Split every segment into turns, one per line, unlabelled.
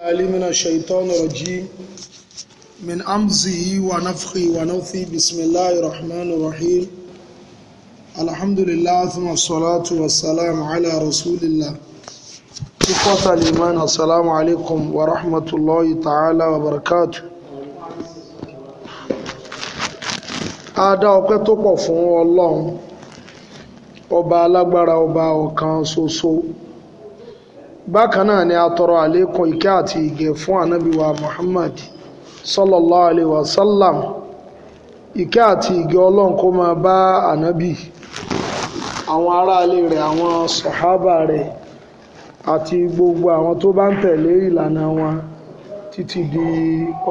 العلي من الشيطان الرجيم من أمزه ونفخه ونوثه بسم الله الرحمن الرحيم الحمد لله ثم الصلاة والسلام على رسول الله إخوة الإيمان السلام عليكم ورحمة الله تعالى وبركاته ada ọpẹ́ tó pọ̀ fún Ọlọ́run ọba alágbára ọba ọ̀kan ṣoṣo bákan náà ni a tọrọ àlékún ìkẹ́ àti ìgẹ̀ fún ànábì Muhammad sallallahu alaihi wasallam ìkẹ́ àti ìgẹ̀ ọlọ́run kó ma bá ànábì àwọn aráalé rẹ̀ àwọn sọ̀hábà rẹ̀ àti gbogbo àwọn tó bá ń tẹ̀lé ìlànà wọn títí di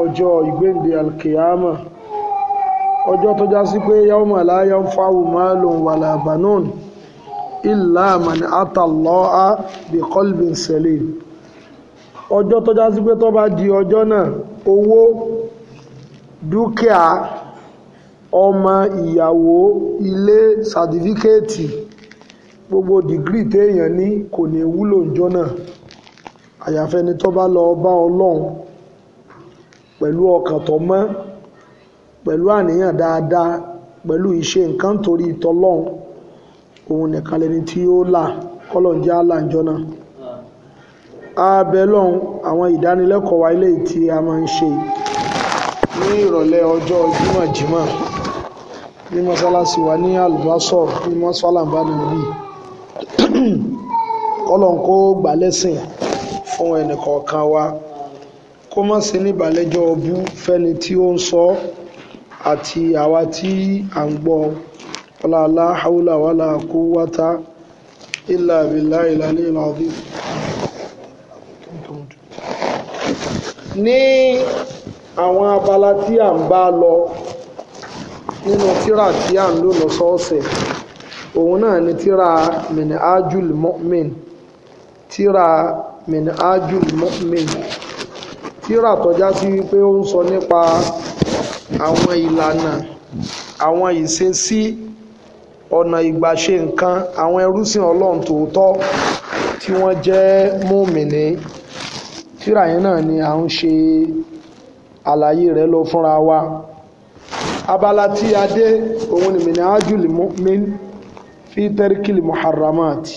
ọjọ́ ìgbéǹde alkiyama ọjọ́ tó já sí pé yawma la yanfa'u malun wala banun ìlà àmàni àtàlọ́à bí colvin selim ọjọ́ tó já sí pé tó bá di ọjọ́ náà owó dúkìá ọmọ ìyàwó ilé sàtífíkẹ́ẹ̀tì gbogbo dìgírì téèyàn ní kò ní wúlò ńjọ́ náà àyàfẹ́ni tó bá lọ bá ọlọ́run pẹ̀lú ọkàn tó mọ́ pẹ̀lú àníyàn dáadáa pẹ̀lú ìṣe nǹkan torí tọlọ́run òun nìkan lẹni tí ó là kọ́lọ̀ ń jẹ́ àlàǹjọ́ náà abẹ lọ́hùn àwọn ìdánilẹ́kọ̀ọ́ wa ilé tí a máa ń ṣe ní ìrọ̀lẹ́ ọjọ́ jímọ̀jímọ̀ ní mọ́sálásí wa ní alùbásọ̀ ní mọ́sálàmbánà bíi kọ́lọ̀ ń kó gbàlẹ́sìn fún ẹnìkọ̀ọ̀kan wa kó má sí ní ìbàlẹ́jọ́ ọbú fẹ́ni tí ó ń sọ àti àwa tí à ń gbọ́ ọ. ولا لا حول ولا قوة إلا بالله العلي العظيم ní àwọn abala tí à ń bá lọ nínú tírà tí à ń lò lọ́sọ̀ọ̀sẹ̀ òun náà ni tírà min ajul mu'min tírà min ajul mu'min tírà tọ́já sí wípé ó ń sọ nípa àwọn ìlànà àwọn ìṣesí ọ̀nà ìgbàṣe nǹkan àwọn ẹrúsìn ọlọ́run tòótọ́ tí wọ́n jẹ́ mùmìnì tírà yẹn náà ni à ń ṣe àlàyé rẹ̀ lọ fúnra wa abala tí a dé òun ni mìnà ájúlì mọ́mìn fi tẹ́ríkìlì mọ̀hàrámàtì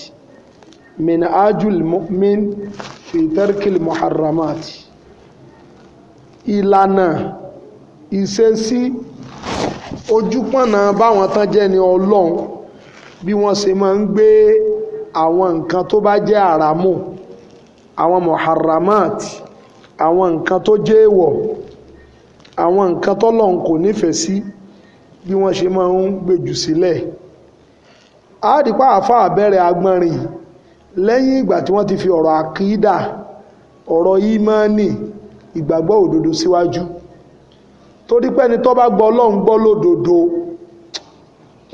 mìnà ájúlì mọ́mìn fi tẹ́ríkìlì mọ̀hàrámàtì ìlànà ìṣesí ojúpọ̀nà báwọn tán jẹ́ ni ọlọ́run bí wọ́n ṣe máa ń gbé àwọn nǹkan tó bá jẹ́ àràmù àwọn muharramat àwọn nǹkan tó jẹ́ èèwọ̀ àwọn nǹkan tọ́lọ́run kò nífẹ̀ẹ́ sí bí wọ́n ṣe máa ń gbèjù sílẹ̀ àádìpá àbẹ̀rẹ̀ agbọ́nrin lẹ́yìn ìgbà tí wọ́n ti fi ọ̀rọ̀ àkídà ọ̀rọ̀ ìmánì ìgbàgbọ́ òdodo síwájú si torí pé ẹni tó bá gbọ́ ọlọ́run gbọ́ lódodo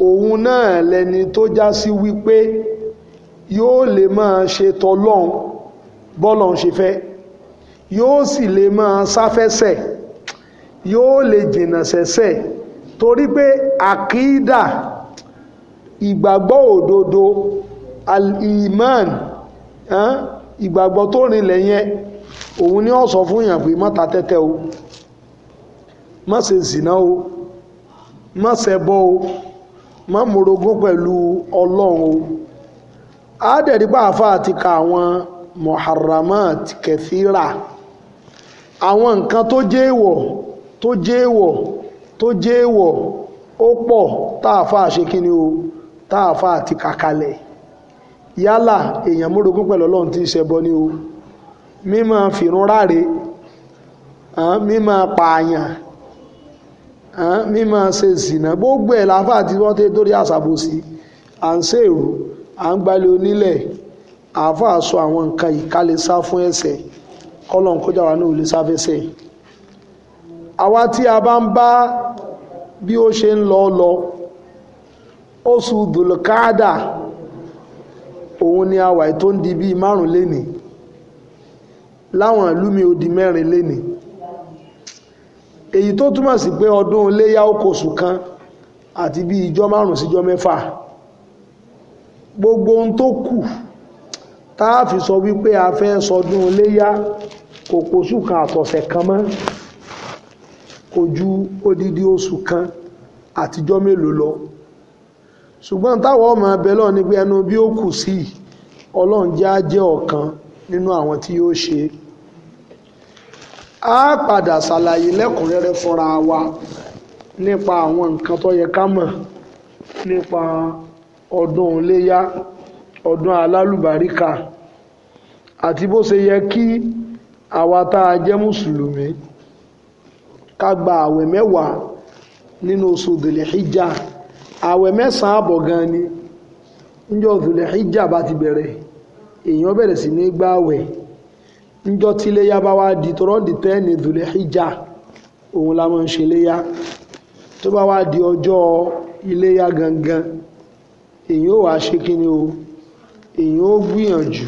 òun náà lẹni tó já sí wípé yóò lè máa ṣe tọlọ́run bọ́lọ́run ṣe fẹ́ yóò sì lè máa sáfẹ́sẹ̀ yóò lè jìnnà sẹ́sẹ̀ torí pé àkídà ìgbàgbọ́ òdodo al-iman ìgbàgbọ́ tó rinlẹ̀ yẹn òun ni ó sọ fún yàn pé má tẹ́tẹ́ o má se zìnà o má ṣẹbọ o má morogún pẹ̀lú ọlọ́run o àádẹ́rìgbà àfa àti ka àwọn muharramat kẹfìrà àwọn nǹkan tó jẹ́ èèwọ̀ tó jẹ́ èèwọ̀ tó jẹ́ èèwọ̀ ó pọ̀ táàfà ṣe kí ni o táàfà àti kàkalẹ̀ yálà èèyàn mórogún pẹ̀lú ọlọ́run tí ń ṣẹbọ ni o mímọ̀ fìrún ráre mímọ̀ pààyàn mímọ̀ ṣe zìnà gbogbo ẹ̀ láfà tí wọ́n tẹ́ torí àṣàbòsí à ń ṣe èrò à ń gbalẹ̀ onílẹ̀ àáfà sọ àwọn nǹkan ìkálẹ̀ sá fún ẹ̀ṣẹ̀ kọ́lọ̀ ń kọjá wa náà lè sáfẹ́sẹ̀ àwa tí a bá ń bá bí ó ṣe ń lọ lọ oṣù dùlùkádà òun ni àwàì tó ń di bíi márùn lénìí láwọn ìlú mi ò di mẹ́rin lénìí èyí tó túmọ̀ sí pé ọdún iléyá okòsù kan àti bí ìjọ márùn síjọ mẹ́fà gbogbo ohun tó kù táàfi sọ wípé a fẹ́ sọdún iléyá kòkòsù kan àtọ̀sẹ̀ kan mọ́ kò ju odidi oṣù kan àtijọ́ mélòó lọ ṣùgbọ́n táwọn ọmọ abẹ ní pé ẹnu bí ó kù sí ọlọ́run jẹ́ jẹ́ ọ̀kan nínú àwọn tí yóò ṣe é a padà ṣàlàyé lẹ́kùnrẹ́rẹ́ fúnra wa nípa àwọn nǹkan tó yẹ ká mọ̀ nípa ọdún iléyá ọdún alálùbáríkà àti bó ṣe yẹ kí àwa tá a jẹ́ mùsùlùmí ká gba àwẹ̀ mẹ́wàá nínú oṣù dèlèhíjà àwẹ̀ mẹ́sàn-án àbọ̀ gan ni níjọ́ dèlèhíjà bá ti bẹ̀rẹ̀ èèyàn bẹ̀rẹ̀ sí ní gbààwẹ̀ níjọ́ tí iléyá bá wá di tó rọ́ọ̀dì tẹ́ẹ̀nì ìdùlẹ̀ ìjà òun la máa ń ṣe iléyá tó bá wá di ọjọ́ iléyá gangan èyí ó wá ṣe kí ni o èyí ó gbìyànjú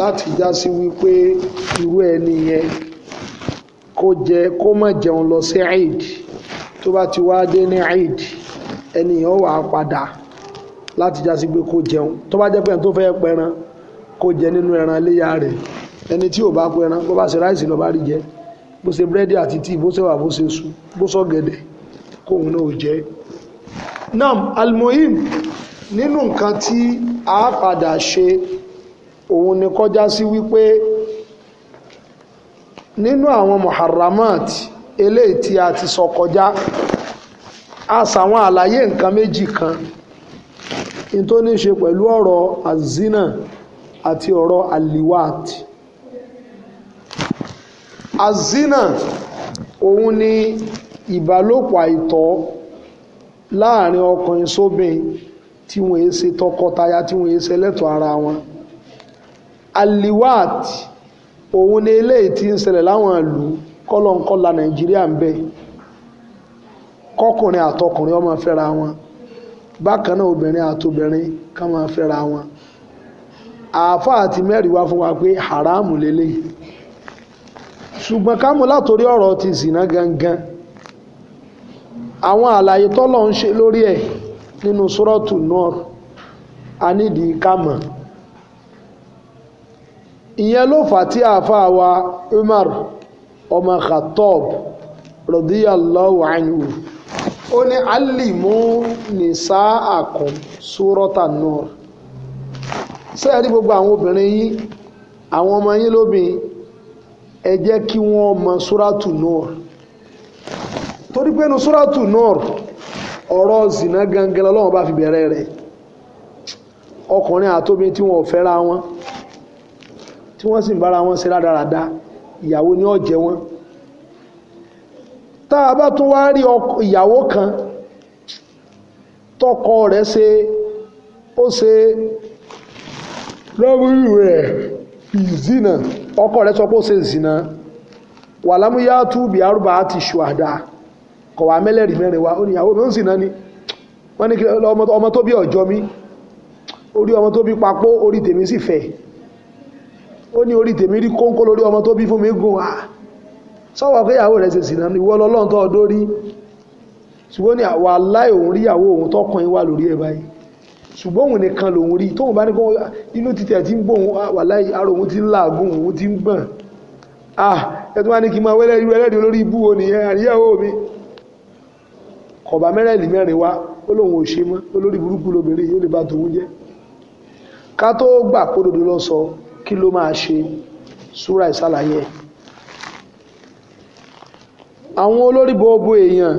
láti já sí wípé irú ẹni yẹn kó jẹ kó má jẹun lọ sí eid tó bá ti wá dé ní eid ẹni yẹn ó wá padà láti já sí pé kó jẹun tó bá jẹ́ pé ẹni tó fẹ́ pẹran kó jẹ nínú ẹran iléyá rẹ̀ ẹni tí ò bá pẹ ẹran bó bá ṣe ráìsì lọ bá rí jẹ bó ṣe búrẹ́dì àti tíì bó ṣẹ̀wà bó ṣe sú bó ṣọ̀gẹ̀dẹ̀ kóhun náà ò jẹ nam almohim nínú nǹkan tí a padà ṣe òun ni kọjá sí wípé nínú àwọn muharramat eléyìí tí a ti sọ kọjá a ṣàwọn àlàyé nǹkan méjì kan in tó ní ṣe pẹ̀lú ọ̀rọ̀ azina àti ọ̀rọ̀ aliwat azina òun ni ìbálòpọ̀ àìtọ́ láàrin ọkùnrin sóbìn tí wọ́n yé ṣe tọkọtaya tí wọ́n yé ṣe lẹ́tọ̀ọ́ ara wọn aliwat òun ni eléyìí tí ń ṣẹlẹ̀ láwọn ìlú kọ́lọ̀ńkọ́lá nàìjíríà ń bẹ kọkùnrin àtọkùnrin ọmọ fẹ́ra wọn bákan náà obìnrin àtobìnrin ká máa fẹ́ra wọn àáfàá àti mẹ́rin wá fún wa pé haramu lélẹ́yìí ṣùgbọ́n ká mú látòrí ọ̀rọ̀ ti zìnà gangan àwọn àlàyé tọ́lọ̀ ń ṣe lórí ẹ̀ nínú sọ́rọ́tù náà a nídìí ká mọ̀ ìyẹn ló fà tí àáfàá wa Umar ọmọ Khattab radiyallahu anhu ó ní alìmú nìsá àkùn sọ́rọ́tà náà sẹ́ẹ̀rí gbogbo àwọn obìnrin yín àwọn ọmọ yín lóbìn ẹ jẹ́ kí wọ́n mọ suratu nur torí pé nu ọ̀rọ̀ zina gangan bá fi bẹ̀rẹ̀ rẹ̀ ọkùnrin àtóbi tí wọ́n fẹ́ra wọn tí wọ́n sì ń wọn ṣe rádaràda ìyàwó ni ó wọn tá a bá tún wá ìyàwó kan tọkọ rẹ̀ ṣe ó ṣe lọ́wọ́ ìzínà ọkọ rẹ̀ sọ pé ó ṣe zina wà lámúyá túbì arúgbà àti ṣùhàdá kọ̀wà mẹ́lẹ̀rì mẹ́rin wa ó ní ìyàwó mi ń zina ni wọ́n ní ọmọ tó bí ọjọ́ mi orí ọmọ tó bí papó orí tèmi sì fẹ̀ ó ní orí tèmi rí kóńkó lórí ọmọ tó bí fún mi gùn à sọ́wọ́ pé ìyàwó rẹ̀ ṣe zina ni ìwọ lọ́lọ́ntọ́ ọdórí ṣùgbọ́n ní wà láì òun ríyàwó òun tọkùnrin wà lórí ẹ̀ báyìí ṣùgbọ́n òun nìkan lòun rí tóun bá ní kọ́ inú títẹ̀ tí ń bò ah, wà láì ara òun ti ń làágùn òun ti ń gbọ̀n ah ẹtù wá ní kí n máa wẹ́lẹ́ irú ẹlẹ́dìí olórí ibú o nìyẹn àríyáwó mi kọ̀bà mẹ́rẹ̀lì mẹ́rin wá ó lóun ò ṣe mọ́ olórí burúkú lóbìnrin yóò lè bá tòun jẹ́ ká tó gbà kódodo lọ sọ kí ló máa ṣe súra ìsàlàyé àwọn olórí bọ́ọ̀bù èèyàn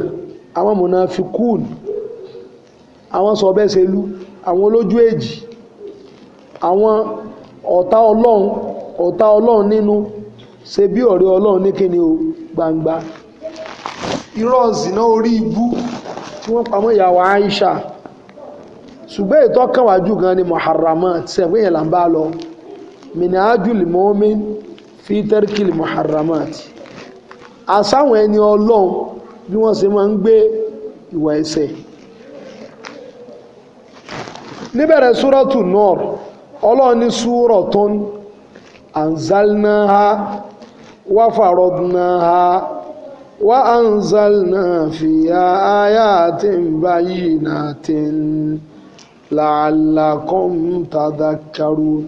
àwọn mọ̀nà fi kúùn àwọn sọ bẹ́ẹ̀ ṣe lú àwọn olójú èjì àwọn ọ̀tá ọlọ́run ọ̀tá ọlọ́run nínú ṣe bí ọ̀rẹ́ ọlọ́run ní kíni o gbangba irọ́ zìnà orí ibú tí wọ́n pamọ́ ìyàwó Aisha ṣùgbọ́n ètò kàwájú gan ni muharramat tí ẹ̀gbẹ́ yẹn là ń bá lọ minajul mu'min fi tarkil muharramat àsáwọn ẹni ọlọ́run bí wọ́n ṣe máa ń gbé ìwà ẹ̀ṣẹ̀ níbẹ̀rẹ̀ súrọ́tù nọ́ọ̀rù ọlọ́ọ̀ni súrọ̀ tó ń anzalnaha wa farodnaha wa anzalna fiya ayatin bayinatin la'allakum tadhakkarun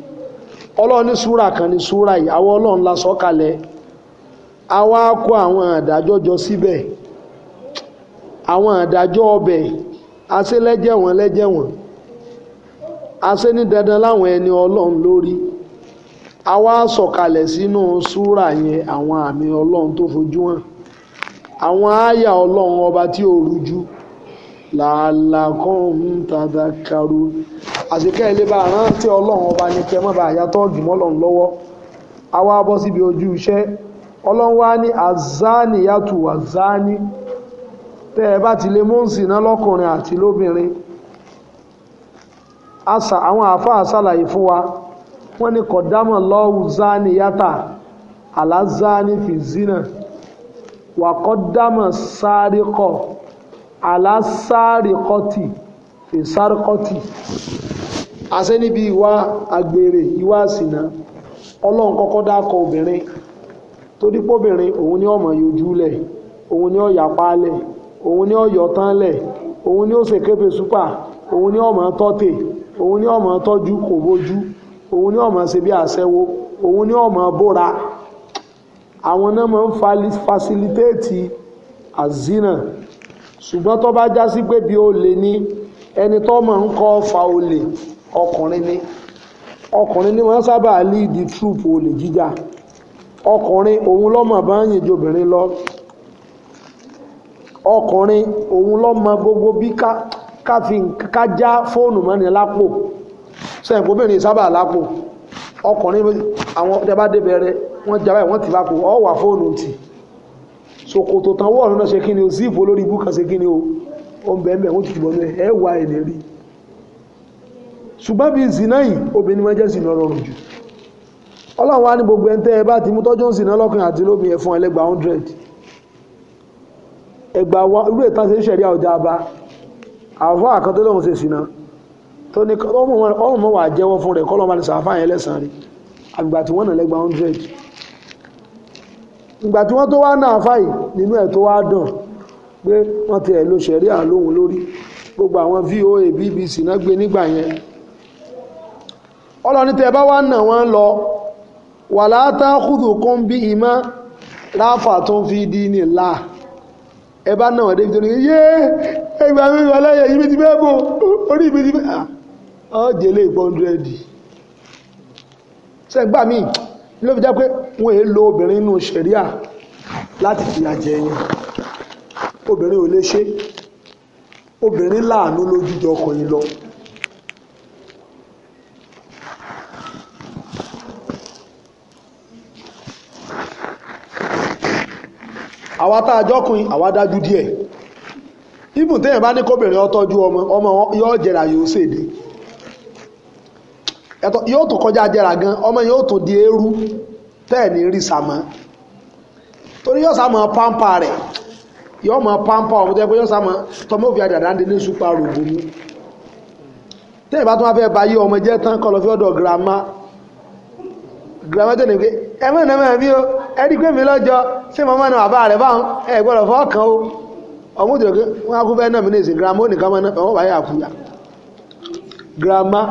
ọlọ́ọ̀ni súra kan ni súra yìí àwọn ọlọ́ọ̀n la sọ̀kalẹ̀ àwa kó àwọn àdájọ́ jọ síbẹ̀ àwọn àdájọ́ ọbẹ̀ aṣẹ́lẹ́jẹ̀wọ̀n lẹ́jẹ̀wọ̀n àṣẹ ní dandan láwọn ẹni ọlọ́run lórí a wá sọ̀kalẹ̀ sínú súrà yẹn àwọn àmì ọlọ́run tó fojú hàn àwọn àyà ọlọ́run ọba tí ò rújú làálàkọ́hún tàdákàrú àṣekẹ́ ilé bá rántí ọlọ́run ọba ní kẹ́ mọ́ àyà tọ́ọ̀gì mọ́lọ́run lọ́wọ́ a wá bọ́ síbi ojú iṣẹ́ ọlọ́run wá ní azani yàtù azani tẹ́ ẹ bá ti lè mọ́ǹsì náà lọ́kùnrin àti lóbìnrin Asa, àwọn àáfàá ṣàlàyé fún wa wọn ni kọ̀dámọ̀ lọ́wọ́ zani yàtà alazani fi zina wàkọ́dámọ̀ sáríkọ̀ alásárìkọ́tì fi sárìkọ́tì àṣẹ níbi ìwà àgbèrè ìwà àsìnà ọlọrun kọ́kọ́ dákọ̀ obìnrin torí pọ́bìnrin òun ni ọmọ yojúlẹ̀ òun ni ọ̀yà paálẹ̀ òun ni ọ̀yọ̀ tánlẹ̀ òun ni ó ṣèképe súpà òun ni ọmọ tọ́tẹ̀ òun ní ọmọ tọ́jú kò bójú òun ní ọmọ ṣe bí àṣẹwó òun ni ọmọ bóra àwọn náà máa ń fasilitéètì àzínà ṣùgbọ́n tó bá já sí pé bí ó lè ní ẹni tó máa ń kọ́ fa olè ọkùnrin ni ọkùnrin ni wọ́n sábà líìdì trúùpù olè jíjà ọkùnrin òun lọ́mọ bá ń yìn jobìnrin lọ ọkùnrin òun lọ́mọ gbogbo bí ká káfí ká já fóònù mọ́ni lápò sẹ́yìn kó bìnrin sábà lápò ọkùnrin àwọn ọ̀dẹ́bá débẹ̀rẹ̀ wọ́n jábáyé wọ́n ti lápò ọ wà fóònù tì ṣòkòtò tán wọ́ọ̀rùn náà ṣe kí ni o sí ìfò lórí ibú kan ṣe kí ni o ó ń bẹ̀ẹ̀bẹ̀ ó ti bọ̀ ní ẹ wà ẹ̀ lérí ṣùgbọ́n bí zina yìí obìnrin máa jẹ́ zina rọrùn jù ọlọ́run wá ní gbogbo ẹni tẹ́ ẹ bá ti mú tọ́jú ń zina lọ́kùnrin àti lóbìnrin ẹ̀fọn ẹlẹ́gbàá 100 ẹgbàá wa irú ìtàn ṣẹ̀rí àwùjọ àbá àwọn àkàn tó lóun ṣe sìnà tó ní ọmọ mọ́ wà jẹ́wọ́ fún rẹ̀ kọ́lọ́ máa sàáfà yẹn lẹ́sàn rí àgbà tí wọ́n nà lẹ́gbà 100 ìgbà tí wọ́n tó wá náà fàyè nínú ẹ̀ tó wá dàn pé wọ́n ti ẹ̀ lo ṣẹ̀rí àlóhun lórí gbogbo àwọn VOA BBC náà gbé nígbà yẹn ọlọ́ni tẹ bá wá nà wọ́n lọ wà látà kúdù kún bí ìmá ráfà tó ń fi dí ní là ẹ bá náà wọ́n débi tó ẹgbà mi wà láyé ibi ti fẹ́ bò orí ibi ti fẹ́ ọ jẹlé ìpọ́ndúrẹ́dì sẹ́gbà mi ló fi já pé wọ́n èé lo obìnrin nínú ṣẹ̀ríà láti fìyà jẹ yẹn obìnrin ò lè ṣe obìnrin láàánú lójújọ ọkùnrin lọ àwa tá díẹ̀ ibùn téèyàn bá ní kóbìnrin ọtọ́jú ọmọ ọmọ yóò jẹrà yóò ṣèdè yóò tún kọjá jẹrà gan ọmọ yóò tún di eérú tẹ́ẹ̀ni rí sàmọ́ torí yóò sàmọ́ pampa rẹ̀ yóò mọ pampa ọmọ tó yẹ pé yóò sàmọ́ tọmọ òfin àjàdá ní súpa rògbò mú téèyàn bá tún wá fẹ́ ba yí ọmọ jẹ́ tán kọ́ lọ fi ọ̀dọ̀ girama girama tó lè gbé ẹ̀mọ́ ìnáwó mi ó ẹ̀rí pé mi ẹ̀ ọmọ òdìrò pé wọ́n á kú fẹ́ náà mi ní ìsìn girama ó nìkan máa ná ọmọ bàyà àkúyà girama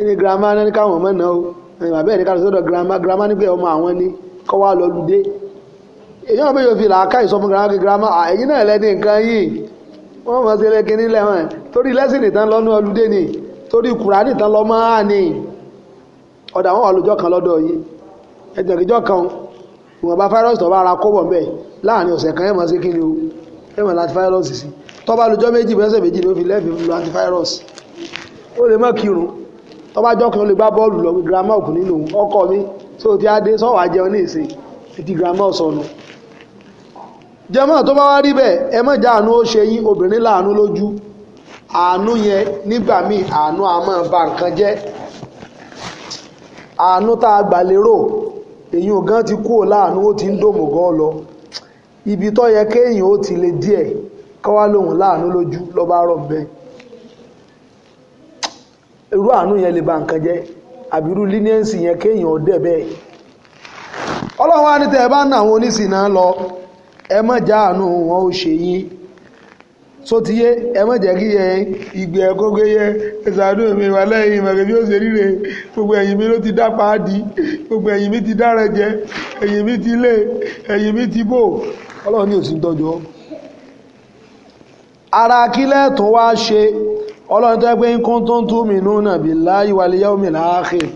ẹni girama náà ní káwọn ọmọ náà ó ẹni bàbá ẹni káwọn sọ́dọ̀ girama girama ní ọmọ àwọn ni kọ́ wá lọ lùdé èyí wọn bẹ yóò fi làákà ìsọ fún girama pé girama ẹ̀yin náà lẹ́ni nǹkan yìí wọ́n mọ̀ sí ẹlẹ́kẹ́ nílẹ̀ wọn torí lẹ́sìn nìtan lọ́nú ọlùdé ni torí kùrá nìtan lọ́ máa ní ọ̀dà wọn wà lójọ́ kan lọ́dọ̀ yìí ẹ̀jọ̀ kíjọ́ kan ìwọ̀nba fáírọ́ọ̀sì tó bá ara kó bọ̀ bẹ́ẹ̀ láàrin ọ̀sẹ̀ kan ẹ̀ mọ̀ sí kí o ẹ̀wọ̀n antivirus sí tó bá lójọ́ méjì bẹ́sẹ̀ méjì ló fi lẹ́fì lu antivirus ó lè mọ́ kírun tó bá jọ́kùn ó lè gbá bọ́ọ̀lù lọ girama òkú nínú ọkọ mi tó ti adé sọ́wọ́ ajẹun ní ìsìn ti girama ọ̀sọ̀nù jẹmọ́ tó bá wá rí bẹ́ẹ̀ ẹ mọ́ já àánú ó ṣe yín obìnrin láàánú lójú àánú yẹn nígbà míì àánú a máa ba nǹkan jẹ́ àánú tá a gbà lérò èyí ò gan ti kúrò láàánú ó ti ń dòmògán lọ ibi tó yẹ kéèyàn ó ti lè díẹ̀ káwá lòun láàánú lójú lọ́ba rọ̀ bẹ́ẹ̀ irú àánú yẹn lè ba nǹkan jẹ́ àbírú leniency yẹn kéèyàn ó dẹ̀ bẹ́ẹ̀ ọlọ́run wa ní tẹ́ ẹ bá ń àwọn oníṣìnà lọ ẹ má já àánú wọn ó ṣe yín sotiye ẹ má jẹ́ kí yẹ ìgbẹ́ ẹ̀kọ́gbé yẹ ẹ̀sàánú mi wà lẹ́yìn mẹ̀rẹ̀ bí ó ṣe ríre gbogbo ẹ̀yìn mi ló ti dá paádì gbogbo ẹ̀yìn mi ti dára jẹ ẹ̀yìn mi ti lé ẹ̀yìn mi ti bò ọlọ́run ní òsì tọ́jú ara kílẹ̀ tó wá ṣe ọlọ́run tó ẹgbẹ́ nǹkan tó ń tún mi nù náà billahi wal yawmil akhir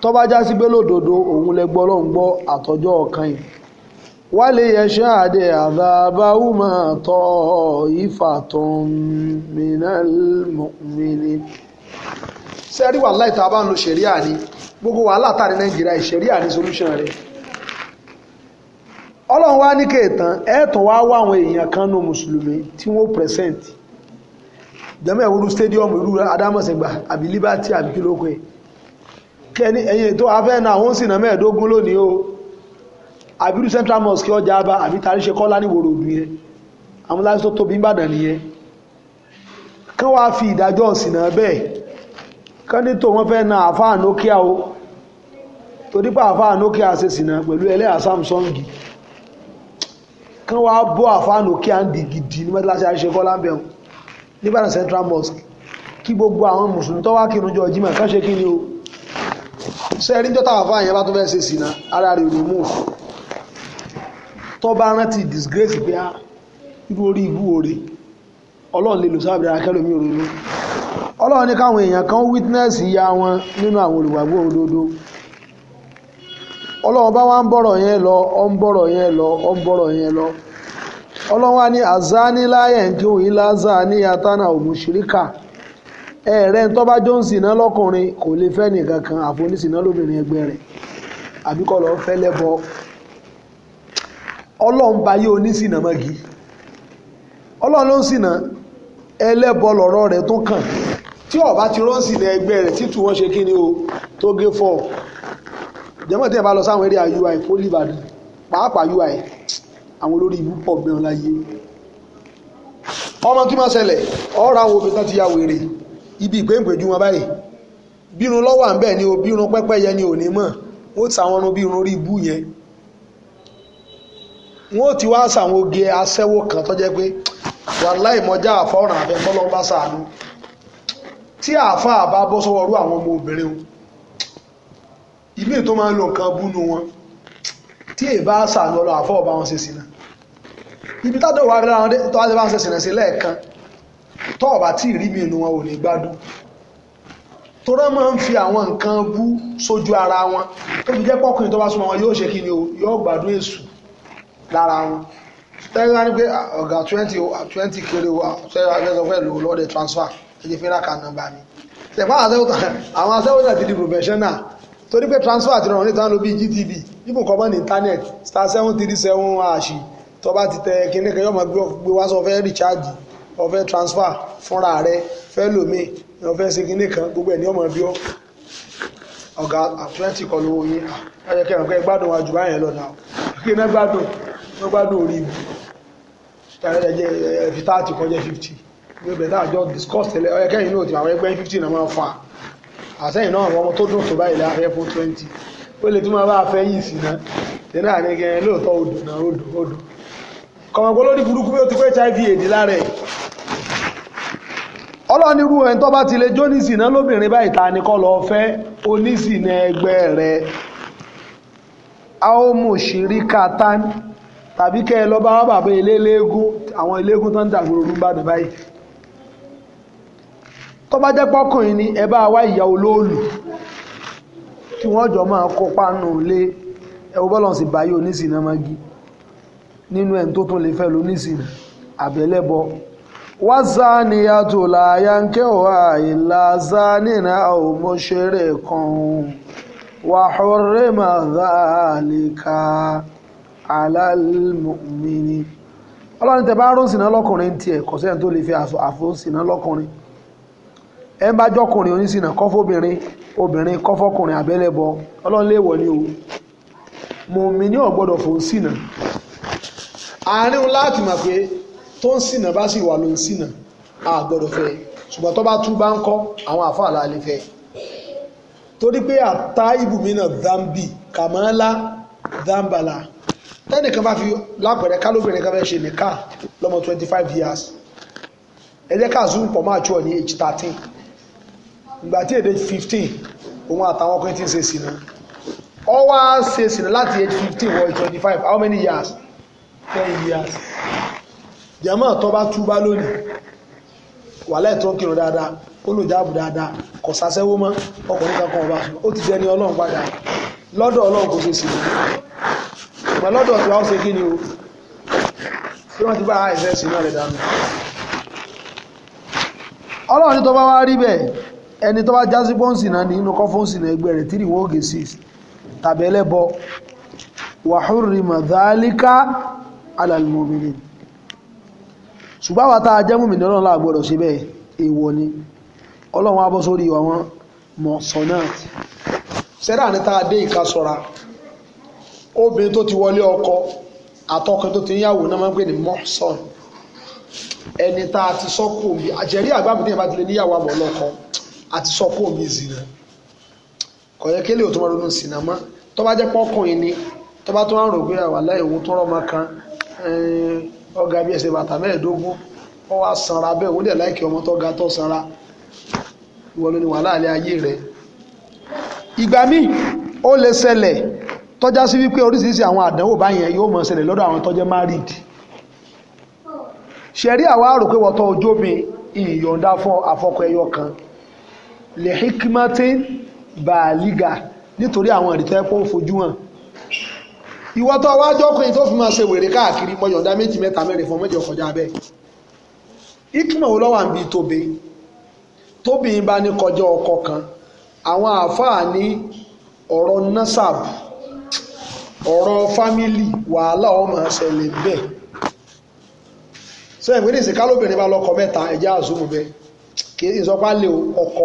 tó bá já sí pé lódodo òun lẹ gbọ́ àtọ́jọ́ ọ̀kan minal mu'minin sẹ́rí wàhálà ìta bá ń ni gbogbo wàhálà tà ní nàìjíríà ìṣẹ̀ríà solution rẹ̀ ọlọ́run wá ní kéètàn ẹ̀ẹ́tàn wá wá àwọn èèyàn kan nù mùsùlùmí tí wọ́n present jẹ́mọ́ ìwúrú stadium ìlú adámọ̀sẹ̀gbà àbí liberty àbí kí ló pé kẹ́ni ẹ̀yìn tó afẹ́ náà àwọn sìnà mẹ́ẹ̀ẹ́dógún lónìí o àbí central mosque ọjà abá àbí tàrí ṣe kọ́lá ní wòrò òdù yẹn àwọn láti kán wá bọ́ àfáànù kí à ń di gidi ní mẹ́tíláṣí àṣekọ́ lábẹ́ wọn nígbàdàn central mosque kí gbogbo àwọn mùsùlùmí tó wá kírun jọ jimá kán ṣe kí ni o sẹ́rí jọ́ta àfáà yẹn bá tó fẹ́ ṣe sí na ara rẹ̀ rò mú tó bá rántí disgrace pé á ah, irú orí ìbú òre ọlọ́run lè lò sábẹ̀ akẹ́lòmí òrònú ọlọ́run ní káwọn èèyàn kan witness ìyà wọn nínú àwọn olùgbàgbọ́ òdodo ọlọ́run bá wá ń bọ̀rọ̀ yẹn lọ ọ ń bọ̀rọ̀ yẹn lọ ọ ń bọ̀rọ̀ yẹn lọ ọlọ́run wá ní azani láyẹ̀ ń ní atana òmùsíríkà ẹ̀ẹ́rẹ́ ń tọ́ba lọ́kùnrin kò lè fẹ́ nìkan kan ẹgbẹ́ rẹ̀ àbí kọ́ fẹ́ bá yé onísìnà jẹ́mọ̀ tí ẹ bá lọ sáwọn eré ui fún Ìbàdàn pàápàá ui àwọn olórí ìlú pọ̀ gbẹ̀rún láyé ọmọ kí máa ṣẹlẹ̀ ọ̀rọ̀ àwọn obìnrin ti ya wèrè ibi ìgbéǹgbèjú wọn báyìí bírun lọ́wọ́ à ń bẹ̀ ni o bírun pẹ́pẹ́ yẹn ni ò ní mọ̀ ó ti àwọn ọrùn bírun orí ibú yẹn wọn ò ti wá sàwọn oge aṣẹ́wó kan tó jẹ́ pé wàláì mọ́jà àfọ́ràn abẹ́ bọ́lọ́ bá sàánú tí àáfàá bá bọ́ sọ́wọ́rú àwọn ọmọ obìnrin ilé tó máa ń lo nǹkan búnú wọn tí èyí bá sàánú ọlọ́ àfọ́ ọba wọn ṣe sínà ibi tá dọ̀wọ́ abẹ́rẹ́ àwọn tó wáṣẹ́ bá ń ṣe sínà sí lẹ́ẹ̀kan tó ọba tí ìrí mi nu wọn ò ní gbádùn tó rán máa ń fi àwọn nǹkan bú sójú ara wọn tó fi jẹ́ pọ́kùnrin tó bá súnmọ́ wọn yóò ṣe kí ni o yóò gbádùn èṣù lára wọn tẹ́lá ní pé ah, ọ̀gá 20 ah, twenty kéré wa tẹ́lá fẹ́ sọ fẹ́ lò lọ́dẹ̀ transfer ẹ̀jẹ̀ fẹ́ràn kan nọ́mbà mi tẹ̀fọ́ àwọn asẹ́wọ́n ti di professional torí pé transfer àti ìrànwọ́ níta ló bí GTB ibùn kọ́ mọ́ ní internet star seven three seven àṣì tó bá ti tẹ kíní kan yóò máa gbé wá sọ fẹ́ recharge ọ̀fẹ́ transfer fúnra rẹ fẹ́ lòmíì ọ̀fẹ́ ṣe kíní kan gbogbo ẹ̀ ní ọmọ bí ọ́ ọ̀gá àtúntì kọ lówó yín ẹ̀yẹ kẹrin pé gbádùn wa jù báyẹn lọ náà kí ní gbádùn wọ́n gbádùn orí ibu ṣàrẹ́ ẹ̀jẹ̀ ẹ̀fí táàtì kọjá fifty gbogbo ẹ̀ náà jọ discuss tẹ́lẹ̀ ẹ̀yẹ kẹrin náà ti àwọn ẹgbẹ́ fifty náà máa fà á àsẹ́yìn náà àwọn ọmọ tó dùn tó báyìí láfẹ́ fún twenty ó lè tún máa bá fẹ́ yìí sí náà tẹ̀lé àníkẹ́ lóòótọ́ odò náà odò odò kọ̀mọ̀gbọ́ lórí burúkú bí ó ti pé hiv èdè lára ẹ̀ ọlọ́nirú ẹ̀ tó bá ti lè jó ní ìsìnà lóbìnrin báyìí ta ni kọ́ lọ fẹ́ onísìnà ẹgbẹ́ rẹ̀ aomu shirika tan tàbí kẹ́ ẹ lọ bá wọn bàbá eléégún àwọn eléégún tó ń dàgbòrò rúbàdàn báyìí tó bá jẹ́ pọ́kùnrin ni ẹ bá wá ìyá olóòlù kí wọ́n jọ máa kópa nù lé ẹwọ́ bọ́lọ̀ sí báyé onísìnà magi nínú ẹ̀ tó tún lè fẹ́ lọ àbẹ̀lẹ́bọ wá tẹ bá rún sínà lọ́kùnrin tiẹ̀ kọ̀sẹ́yìn tó lè fi àfọ́ sínà lọ́kùnrin ẹ bá jọkùnrin oníṣìnà kọ́fọ́bìnrin obìnrin kọ́fọ́kùnrin àbẹ́lẹ́bọ ọlọ́run léèwọ̀ ni o mùmíní ò gbọ́dọ̀ fò ń ṣìnà àárín òun láti mọ̀ pé tó ń ṣìnà bá sì wà ló ń ṣìnà a gbọ́dọ̀ fẹ́ ṣùgbọ́n tó bá tú bá ń kọ́ àwọn àfáà lálẹ́ fẹ́ torí pé àtá ibùmínà dáńbì kàmọ́lá dáńbàlà tẹ́nìkan bá fi lápẹ̀rẹ̀ kálóbìnrin kan fẹ́ ṣe nìkan lọ́mọ twenty five years ẹ jẹ́ ká zoom pọ̀ máa tú ọ ní age thirteen ìgbà tí èdè fifteen òun àtàwọn ọkùnrin ti ń ṣe sìnà ọ wá ṣe sìnà láti age fifteen wọ twenty five how many years ten years jẹ́mọ̀ tó bá túbá lónìí wàhálà ètò òkèrò dáadáa olùjáàbù dáadáa kò sàṣẹ́wó mọ́ ọkùnrin kankan ọba ó ti jẹ́ ní ọlọ́run padà lọ́dọ̀ ọlọ́run kò ṣe sí i ṣùgbọ́n lọ́dọ̀ tí wọ́n ṣe kí ni o bí wọ́n ti bá àìsẹ́ sí náà rẹ̀ dànù ọlọ́run ní tó bá wá rí bẹ́ẹ̀ ẹni tó bá já sí pọ́ǹsì náà ní inú kọ́fọ́ǹsì náà ẹgbẹ́ rẹ̀ tírì wọ́n ògè sí tàbí ẹlẹ́bọ wàhúrì màdálíkà alàlùmọ̀mìnì ṣùgbọ́n àwọn tá a jẹ́ mùmìnì ọlọ́run láàgbọ́dọ̀ ṣe bẹ́ẹ̀ èèwọ̀ ni ọlọ́run á bọ́ sórí àwọn mọ̀sánnáàtì sẹ́dá ní tá a dé ìka sọ́ra obìnrin tó ti wọlé ọkọ àtọkùnrin àti sọ kó omi zina kọ̀yẹ́ kí eléyìí tó máa ronú zina mọ́ tó bá jẹ́ pọ́kùnrin ni tó bá tó máa ń rò pé àwàlá ìwò tó rọ́ọ̀mọ́ kan ọ̀gá bíi ẹsẹ̀ bàtà mẹ́ẹ̀ẹ́dógún ó wá sanra bẹ́ẹ̀ wọ́n dẹ̀ láìkí ọmọ tó ga tó sanra ìwọ ló wàhálà àlẹ́ ayé rẹ̀ ìgbà míì ó lè ṣẹlẹ̀ tọ́já sí wípé oríṣiríṣi àwọn àdánwò báyẹn yóò mọ̀ ṣẹlẹ̀ lọ́dọ̀ àwọn tọ́jẹ́ married ṣẹ̀rí àwa rò pé wọ́tọ̀ ojóbin ìyọ̀ǹda fún afọ́kọ ẹyọ kan lè hikimati bàálígà nítorí àwọn ìrìtẹ́ pọ́ fojú hàn ìwọ tó wá jọ́kùnrin tó fi máa ṣe wèrè káàkiri mọ yọ̀ǹda méjì mẹ́ta mẹ́rin fún mẹ́jọ kọjá bẹ́ẹ̀ hikima wo lọ́wọ́ àbí tóbi tóbi bá ní kọjá ọkọ kan àwọn àáfàá ní ọ̀rọ̀ nasab ọ̀rọ̀ fámílì wàhálà ọmọ ṣẹlẹ̀ bẹ́ẹ̀ sẹ́yìn pé ní ìsìnkálóbìnrin bá lọ́kọ mẹ́ta ẹ̀já àzúmù bẹ́ẹ̀ kì í sọ pálẹ̀ ọkọ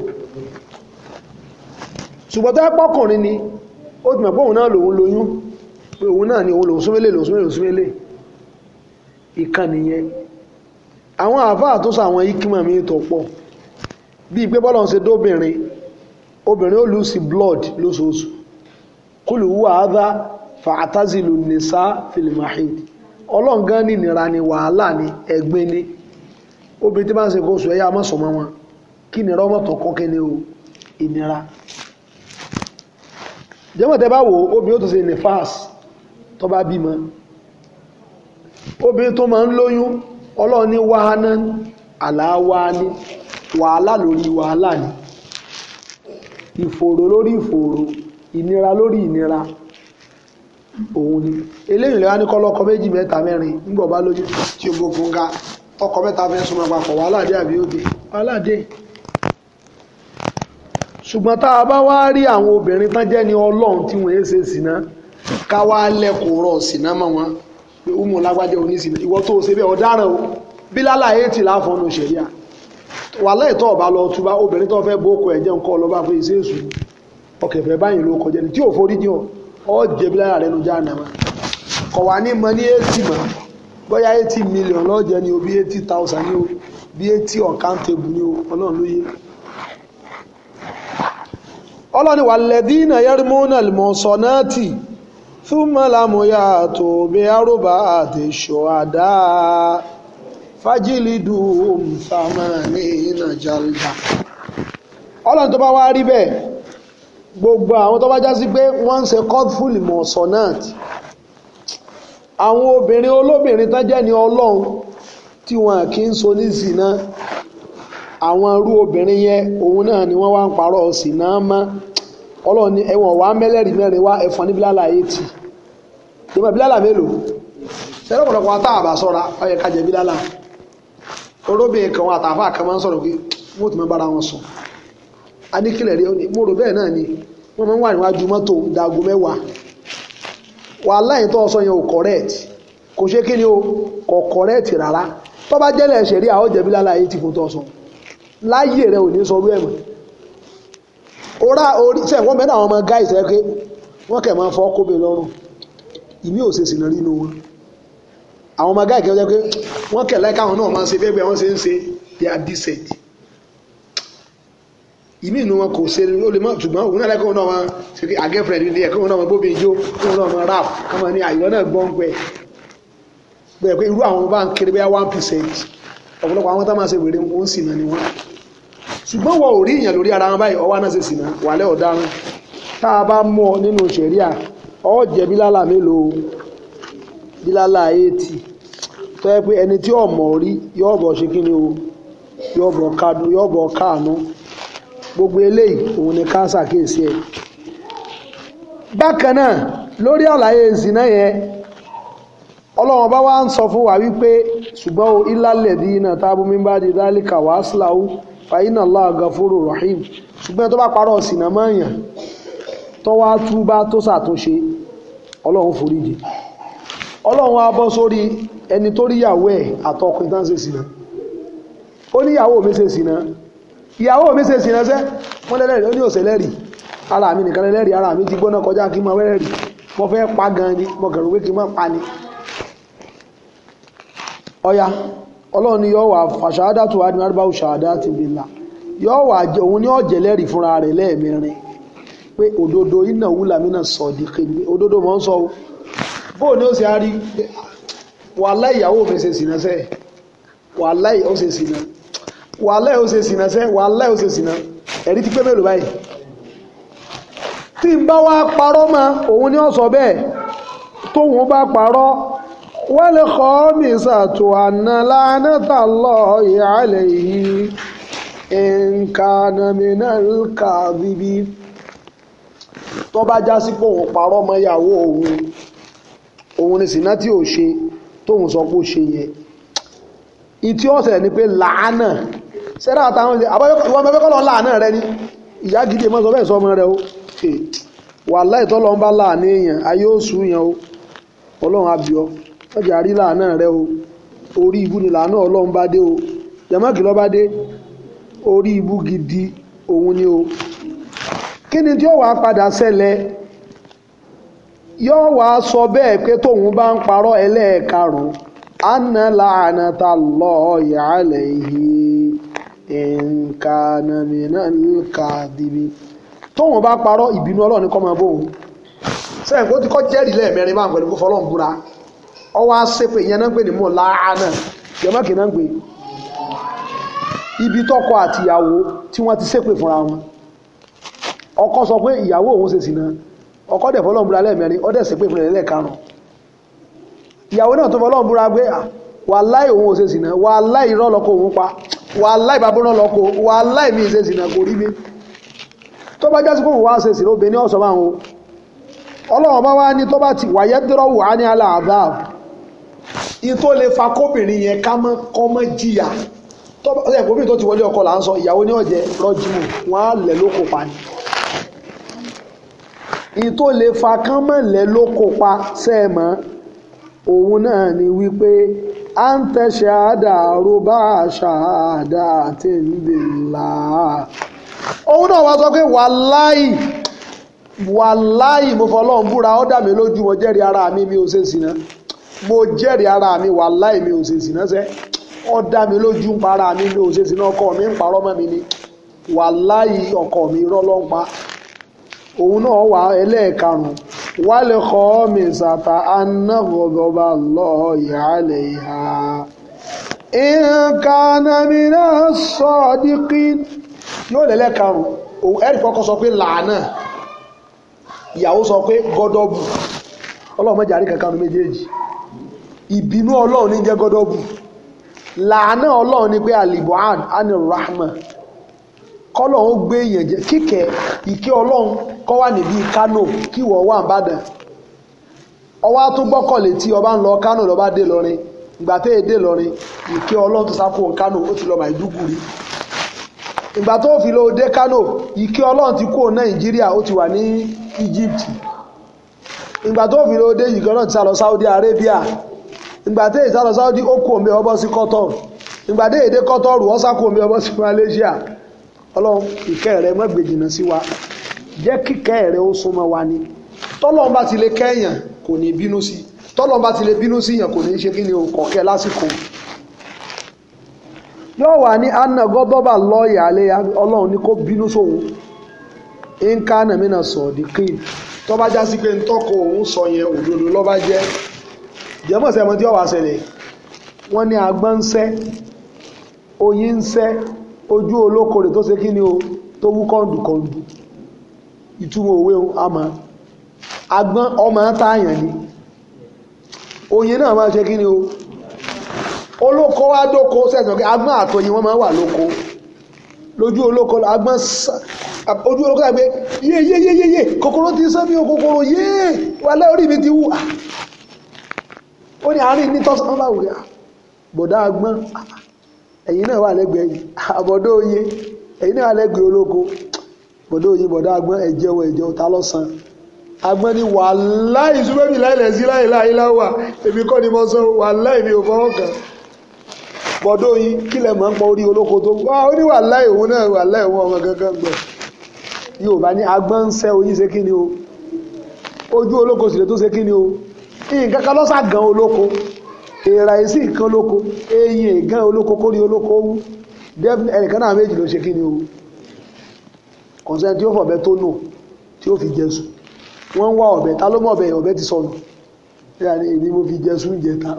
ṣùgbọ́n tó pọ́kùnrin ni ó ti mọ̀ pé òun náà lòun lóyún pé òun náà ni òun lòun súnmélé lòun súnmélé lòun súnmélé ìkànnì àwọn àáfàá tó sọ àwọn ikímọ̀ mi tó pọ̀ bíi pé bọ́lọ̀ ṣe dóbìnrin obìnrin ó lùsì blood lóṣooṣù kúlù ni wàhálà ni ni obìnrin tí bá ń ṣe kóṣù ẹ̀yà mọ́sọ̀mọ́ ìnira jẹ́mọ̀ tẹ́ bá wò obìnrin ó tún ṣe nefas tó bá bímọ obìnrin tó máa ń lóyún ọlọ́run ní wàhánà lori wàhálà lórí wàhálà inira ìfòòró lórí ìnira ni eléyìí lẹ́wà ní kọ́lọ́kọ́ méjì mẹ́ta mẹ́rin nígbọ̀ lójú tí o gbogbo ga ọkọ̀ mẹ́ta fẹ́ súnmọ́ papọ̀ ṣùgbọ́n tá a bá wá rí àwọn obìnrin tán jẹ́ ni ọlọ́run tí wọ́n ṣe sìná ká wá lẹ́kọ̀ọ́ rọ̀ sìná mọ́ wọn pé ó mú lágbájá oníṣìná ìwọ tó ṣe bẹ́ẹ̀ ọ̀daràn o bí lálà èètì láfọ̀nù ṣẹ̀ríà wàhálà ìtọ́ ọ̀bá lọ túbá obìnrin tó fẹ́ bókọ ẹ̀jẹ̀ ńkọ́ lọ́ba fún iṣẹ́ èṣù ọ̀kẹ̀fẹ̀ báyìí ló kọjá tí ò forí jìn ọ́ ní mọ ní o bí o bí eighty o ọlọ́run ló ọlọ́ni wà lẹ́dínà yẹ́rìmọ́nà mọ̀sánátì fún mọ́lámọ́yà tó bẹ arúbá àti ṣọ́àdá fájìlìdù òmùsàmà ní nàìjíríà ọlọ́ni tó bá wá rí bẹ́ẹ̀ gbogbo àwọn tó bá já sí pé wọ́n ń ṣe kọ́tfùlì mọ̀sánátì àwọn obìnrin olóbìnrin tán jẹ́ ni ọlọ́run tí wọn kì í so ní zina àwọn irú obìnrin yẹn òun náà ni wọ́n wá ń parọ́ sí náà mọ́ ọlọ́run ni ẹ̀wọ̀n wá mẹ́lẹ́rìí mẹ́rin wá ẹ̀fọn ní bílálà eighty ìmọ̀ bílálà mélòó sẹ́rọ̀ pọ̀lọpọ̀ àtà àbà sọ́ra ọyẹ ká jẹ bílálà olóbìnrin kan wọn àtàfà kan máa ń sọ̀rọ̀ pé wọ́n ti mọ bára wọn sùn a ní kílẹ̀ rí ọ́nì mo rò bẹ́ẹ̀ náà ni wọ́n máa ń wà níwájú mọ́tò dago mẹ́wàá wàhálà yìí tó sọ yẹn ò correct kò ṣe kí ni o kò correct rárá tó bá jẹ́lẹ̀ ṣẹ̀rí àwọn jẹ̀bílálà eighty fún tó sọ láyé rẹ ò ní sọ wẹ́ẹ̀mù ọ̀rá orí sẹ́ wọ́n mẹ́ta àwọn ọmọ gáì sẹ́ pé wọ́n kẹ̀ máa fọ́ kóbe lọ́rùn ìmí ò ṣe sìnà nínú wọn àwọn ọmọ gáì kẹ́ jẹ́ pé wọ́n kẹ̀ láì káwọn náà máa ṣe fẹ́ bí wọ́n ṣe ń ṣe they are decent ìmí inú wọn kò ṣe ó lè mọ ṣùgbọ́n òun náà lẹ́kọ̀ọ́ náà wọn ṣe kí àgẹ́fẹ̀rẹ̀ nílé ẹ̀kọ́ náà wọn gbóbi ijó kóun náà wọn rap kọ́mọ ní àyọ̀ náà gbọ́n pẹ́ bẹ́ẹ̀ pé irú àwọn bá ń kéré bí i one percent ọ̀pọ̀lọpọ̀ àwọn tá máa ṣe wèrè wọn sì náà ni wọ́n. ṣùgbọ́n wọ́n ò rí ìyàn lórí ara wọn báyìí ọwọ́ náà ṣe sì náà wàlẹ́ ọ̀daràn tá a bá mọ́ nínú nínú à ọ jẹ́ bílálà mélòó bílálà eighty tó yẹ pé ẹni tí ọmọ rí yóò bọ̀ ṣe ni o yóò bọ̀ káànú gbogbo eléyìí òun ni káńsà kéèsì ẹ̀ bákan náà lórí àlàyé ìsìná yẹn ọlọ́run bá wá ń sọ fún wa wípé ṣùgbọ́n ilálẹ̀ dí tábùmí bá di dálíkà fàyínà Allah gafúrò rahim ṣùgbọ́n tó bá parọ́ ọ̀sìnà mọ́yàn tó wá tó sàtúnṣe ọlọ́run foríjì ọlọ́run wá bọ́ sórí ẹni tó ríyàwó ẹ̀ àtọkùn tán ṣe sínà ó níyàwó mi ṣe sínà ìyàwó mi ṣe sínà sẹ́ wọ́n ó ní ara mi nìkan ara mi ti kọjá kí n wẹ́rẹ́rì mo fẹ́ pa gan ni ọlọ́run ni yọ wà fàṣàdá tó adìmọ́ àdìbá òṣàdá ti bìlà yọ wà jẹ òun ní ọ̀jẹ̀ lẹ́rìí fúnra rẹ̀ lẹ́ẹ̀mẹrin pé òdodo iná wúlà mí sọ di kéde òdodo mọ̀ ń sọ o bóun ni ó ṣe á rí wàhálà ìyàwó mi ṣe sì náà sẹ́ wàhálà ó ṣe sì náà wàhálà ó ṣe sì náà sẹ́ wàhálà ó ṣe sì náà ẹ̀rí ti pé mélòó báyìí tí n bá wá parọ́ mọ́ òun ni ó sọ bẹ́ẹ̀ tóun bá parọ́ والخامسة أن لعنة الله عليه إن كان من الكاذبين tó bá já sí pé òun parọ́ mọ́ ìyàwó òun òun ni sìnà tí ò ṣe tóun sọ pé ó ṣe yẹ ìtí ọ̀sẹ̀ ni pé làánà sẹ́dá àtàwọn ìṣe àbáyọ́kọ̀ làánà rẹ ni ìyá gidi mọ́ sọ bẹ́ẹ̀ sọ ọmọ rẹ o wàláì tọ́lọ́ ń bá làánà èèyàn ayé ó sùn yẹn o ọlọ́run á bí ọ wọ́n jẹ́ àrí rẹ o orí ibú ni lọ ọlọ́run bá dé o jẹ́mọ́kì lọ́ dé orí ibú gidi òun ni o kí ni tí ó wàá padà ṣẹlẹ̀ yóò wàá sọ bẹ́ẹ̀ pé tóun bá ń parọ́ ẹlẹ́ẹ̀karùn-ún anna làánà ta lọ ìyàlẹ̀ tóun bá parọ́ ìbínú kọ́ máa sẹ́yìn kó ti kọ́ jẹ́rìí lẹ́ẹ̀mẹrin máa ń pẹ̀lú kó ọwọ́ àṣepè ìyẹn na ń pè ní mò láàánà jẹ́mọ́kì náà ń ibi tọkọ ìyàwó tí wọ́n ti ṣépè fúnra wọn ọkọ sọ pé ìyàwó òun ṣe náà ọkọ dẹ̀ fọlọ́n búra lẹ́ẹ̀mẹ́rin ó fúnra ìyàwó náà tó fọlọ́n búra òun ṣe sì òun pa babúrán mi mi tó bá jásí ṣe sì ọ̀sán máa ń wo bá wá ní tó bá ti dúró ìtò lè fa kóbìnrin yẹn ká mọ́ kọ́ mọ́ jìyà tọ́lẹ̀ kóbìnrin tó ti wọlé ọkọ là ń sọ ìyàwó ní ọ̀jẹ̀ rọ́jìmù wọ́n á lẹ̀ lóko pa ni ìtò lè fa kán mọ́ lẹ̀ lóko pa sẹ́ẹ̀mọ́ òun náà ni wípé à ń tẹ̀sẹ̀ àdàrú bá àṣà àdá àti ìbìlà òun náà wá sọ pé wàláì wàláì mo fọlọ́run búra ó dà mí lójú mo jẹ́rìí ara mi mi ò ṣe sí náà mo jẹ́rìí ara mi wà láì mi ò ṣe sìnà sẹ́ ó dá mi lójú ń para mi mi ò ṣe sìnà ọkọ mi ń parọ́ mọ́ mi ni wà láì ọkọ mi irọ́ ló ń pa òun náà wà ẹlẹ́ẹ̀karùn-ún wálé kọ́ mi sàtà anáhùndọ́bà lọ́ọ́ ìhàlẹ̀ ìhà ìkànnàmínà sọ́ọ́dínkì yóò lẹ́lẹ́karùn-ún òun ẹ̀rì kọ́kọ́ sọ pé làánà ìyàwó sọ pé gọ́dọ̀bù ọlọ́mọdé àríkàkà ọdún méjèèjì ìbínú ọlọ́run ní jẹ́ gọ́dọ̀bù làánà ọlọ́run ní pé alibuhan ani rahma kọ́lọ̀ ó gbé èèyàn jẹ kíkẹ́ ìkẹ́ ọlọ́run kọ́ wà níbi kánò kí wọ́n wà nìbàdàn ọwá tó gbọ́kànlé tí ọba ń lọ kánò lọ́ba dé lọ́rin ìgbà tó èdè lọ́rin ìkẹ́ ọlọ́run tó sáko kánò ó ti lọ Maiduguri ìgbà tó fi lọ dé kánò ìkẹ́ ọlọ́run ti kó Nàìjíríà ó ti wà ní Egypt ìgbà tó fi lọ dé ìkẹ́ ọlọ́run ti sá lọ Saudi Arabia ìgbà tí èyí sálọ Saudi ó kú omi ọbọ sí Qatar ìgbà tí èyí dé Qatar kú omi ọbọ sí Malaysia ọlọ́run ìkẹ́ rẹ má gbé sí wa jẹ́ kíkẹ́ rẹ ó súnmọ́ wa ni tọ́lọ́run bá ti lè kẹ́yàn kò ní bínú sí tọ́lọ́run bá ti lè bínú sí kò ní ṣe kí ni òkò kẹ́ lásìkò yóò wà ní anna gọ́dọ́bà lọ́ọ̀yà alẹ́ ọlọ́run ní kó bínú sóhun nǹkan nàmínà sọ̀ọ́dí kí tọ́bajá sí pé ntọ́kọ òun sọ yẹn òdodo lọ́bàjẹ́ jẹ́mọ̀ sẹ́mọ̀ tí ó wà ṣẹlẹ̀ wọ́n ní agbọ́n ń sẹ́ oyin ń sẹ́ ojú olókòrè tó ṣe kí ni o tó wú kọ́ndùkọ́ndù ìtumọ̀ òwe àmọ́ agbọ́n ọmọ táàyàn ni oyin náà máa ṣe kí ni o olóko wá dóko sẹ́sàn pé agbọ́n àtọyin wọ́n máa wà lóko lójú olóko agbọ́n ojú olóko àgbẹ̀ yéyéyéyé kòkòrò ti sẹ́mi o kòkòrò yéé wà lẹ́ orí mi ti wú ah, ó ní àárín ní tọ́sán wọn bá wù yá bọ̀dá agbọ́n ah, ẹ̀yin náà wà lẹ́gbẹ̀ẹ́ yìí àbọ̀dọ́ ah, oyè ẹ̀yin náà wà lẹ́gbẹ̀ẹ́ olóko bọ̀dọ́ oyè bọ̀dá agbọ́n ẹ̀jẹ̀ wọ ẹ̀jẹ̀ ọ̀tá lọ́sàn agbọ́n ni wàláì súnmẹ́bì láìlẹ̀ sí láìláì láwà èmi kọ́ ni mo sọ wàláì mi ò fọwọ́ kàn bọ̀dọ́ oyè kílẹ̀ mọ́ ń pọ̀ orí olóko tó wá ó ní wàláì òun náà wàláì òun ọmọ kankan gbọ̀ yóò bá ní agbọ́n ń sẹ́ oyin ṣe kí ni o ojú olóko sì lè tó ṣe kí ni o nǹkan kan lọ́sà gan olóko èèrà èsì nǹkan olóko eyín ègán olóko kórí olóko wú ẹnìkan náà méjì ló ṣe kí ni o kọ̀nsẹ́ni tí ó fọ̀bẹ tó nù tí ó fi jẹsùn wọ́n ń wá ọ̀bẹ ta ló mọ̀ ọ̀bẹ ọ̀bẹ ti sọnù èmi mo fi jẹsùn jẹta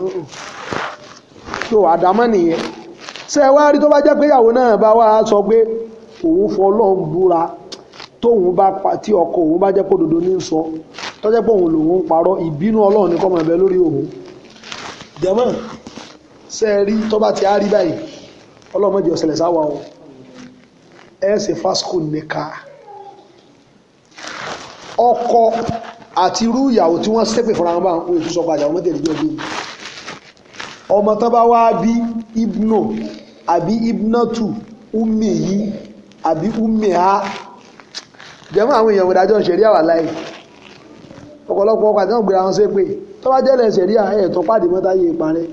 tó uh-uh. àdámọ́ nìyẹn ṣe wá rí tó bá jẹ́ pé ìyàwó náà tọ́jẹ́ pé òun lòun ń parọ́ ìbínú ọlọ́run ní kọ́mọ ẹ̀bẹ lórí òun jẹ́mọ́ ṣe é rí tọ́ba ti á rí báyìí ọlọ́run mọ̀jọ ṣẹlẹ̀ sáwà o ẹ ṣe fásikò nìka ọkọ àti irú ìyàwó tí wọ́n ṣépè fúnra wọn bá wọn ètò sọkọ àjàwọ́ mọ́tẹ̀lẹ́ jọ bí ọmọ tán bá wá bí ibnu àbí ibnatu umi yìí àbí umi ha jẹ́mọ́ àwọn èèyàn ìdájọ́ ṣẹ̀rí àwà láì ọ̀pọ̀lọpọ̀ ọkọ̀ àti ọ̀gbìn àwọn ṣépè tó bá jẹ́ lẹ́sẹ̀ rí ẹ̀tọ́ pàdé mọ́ táyé ìparẹ́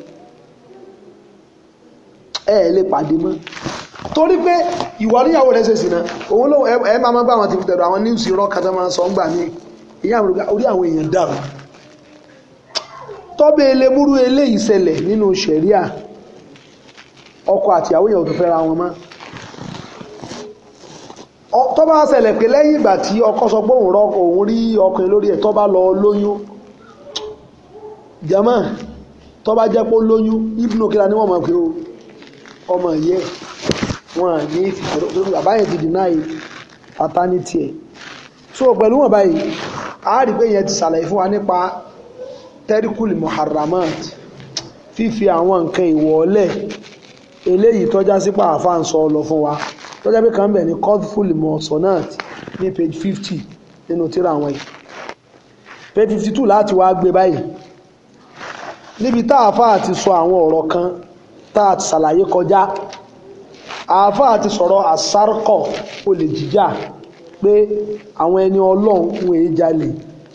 ẹ̀ lè pàdé mọ́ torí pé ìwà níyàwó rẹ̀ ṣe sì náà òun ló ẹ máa máa bá àwọn ti fi tẹ̀dọ̀ àwọn níwùsì irọ́ kan tó máa ń sọ ń gbà mí ìyá àwọn orí àwọn èèyàn dàrú tọ́bẹ̀ elémúrú eléyìí ṣẹlẹ̀ nínú ṣẹ̀ríà ọkọ àtìyàwó yẹn ò tó fẹ́ra wọn mọ́ tó bá ṣẹlẹ̀ pé lẹ́yìn ìgbà tí ọkọ sọ pé òun rọkọ òun rí ọkùnrin lórí ẹ̀ tó bá lọ lóyún jama tó bá jẹ́ pé ó lóyún ibùdó kíra ni wọ́n mọ̀ pé ọmọ yẹ wọn ní ìfìfẹ́ bàbá yẹn ti deny paternity ẹ̀ so pẹ̀lú wọn a rí pé yẹn ti ṣàlàyé fún wa nípa terikul eléyìí tọ́já sípò àfáà ń sọ ọ fún wa. tó jẹ́ pé kan bẹ̀ ní ní page fifty nínú tíra yìí page fifty two láti wá gbé báyìí níbi tá ti sọ àwọn ọ̀rọ̀ kan tá a ti ṣàlàyé kọjá ti sọ̀rọ̀ olè jíjà pé àwọn ẹni ọlọ́run ń èé jalè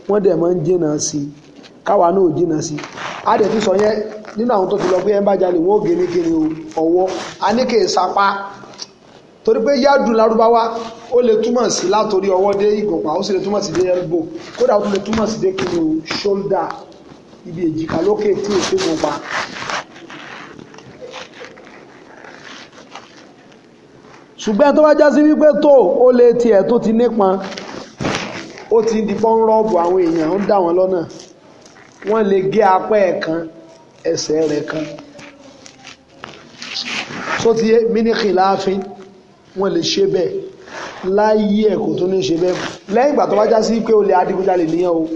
wọ́n dẹ̀ máa ń sí i káwa náà ò sí i a dẹ̀ ti sọ yẹn nínú àwọn tó pé ń bá jalè wọ́n ò torí pé yádù lárúbáwá ó lè túmọ̀ sí látòrí ọwọ́ dé ìgòpá ó sì lè túmọ̀ sí dé elbow kódà ó tún lè túmọ̀ sí dé kiri ṣóldà ibi èjìká lókè tí ò sí ìgòpá. ṣùgbọ́n tó bá já sí wípé tó ó lè tiẹ̀ tó ti nípọn ó ti di fọ́n rọ́ọ̀bù àwọn èèyàn ń dà wọ́n lọ́nà wọ́n lè gé apá ẹ̀ kan ẹsẹ̀ rẹ̀ kan só ti mínísì láàfin wọ́n lè ṣe bẹ́ẹ̀ láyé ẹ̀kọ́ tó ní ṣe bẹ́ẹ̀ lẹ́yìn ìgbà tó bá já sí pé olè adigunjalè nìyẹn o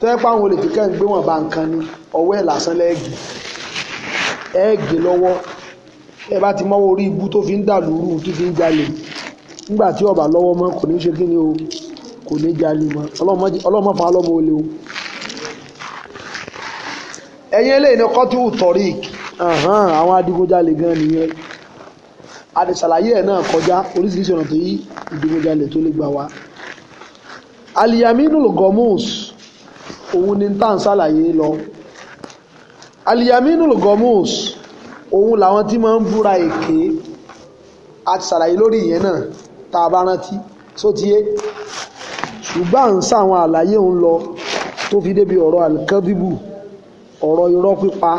tó yẹ pé àwọn olè kíkẹ́ ń gbé wọn bá nǹkan ni ọwọ́ ẹ̀ lásán lẹ́ẹ̀gì ẹ̀ẹ́gì lọ́wọ́ ẹ bá ti mọ́wọ́ orí ibú tó fi ń dà lóru tó fi ń jalè nígbà tí ọba lọ́wọ́ mọ́ kò ní ṣe kí ni o kò ní jalè mọ́ ọlọ́mọ fún alọ́mọ olè o ẹ̀yin eléyìí ni kọ́tù tọ̀rík àwọn adigunjalè gan nìyẹn àdìsàlàyé ẹ̀ náà kọjá oríṣiríṣi ọ̀nà tó yí ìdígunjalè tó lè gbà wá. aliyaminul gomus òun ni tá à ń ṣàlàyé lọ aliyaminul gomus òun làwọn tí máa ń búra èké àti ṣàlàyé lórí ìyẹn náà tá a bá rántí sótìyé ṣùgbọ́n à ń ṣàwọn àlàyé òun lọ tó fi débi ọ̀rọ̀ alikadibu ọ̀rọ̀ irọ́ pípa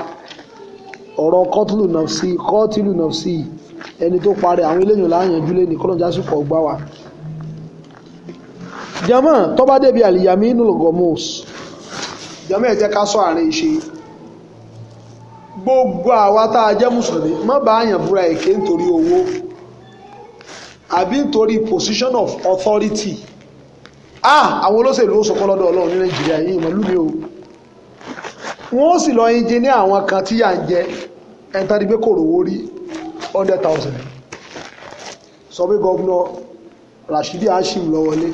ọ̀rọ̀ kọ́tìlù nàfsí kọ́tìlù nàfsí ẹni tó parẹ́ àwọn eléyìn láàyànjú lé ní kọ́lọ́njà sì kọ́ gbá wa. jama tọ́ba débi àlìyàmí nulgomos jama ẹ̀ jẹ́ ká sọ àárín ìṣe gbogbo àwa tá a jẹ́ mùsùlùmí má bá àyàn búra èké nítorí owó àbí nítorí position of authority ah àwọn olóṣèlú ó sọkọ́ lọ́dọ̀ ọlọ́run ní nàìjíríà yìí ìmọ̀lú mi o wọ́n sì lọ ẹnjẹ ní àwọn kan tí yà ń jẹ ẹ̀ńtàdígbé kò rówó rí hundred thousand sọ pé gọ́vnà Rashidi Hashim lọ wọlé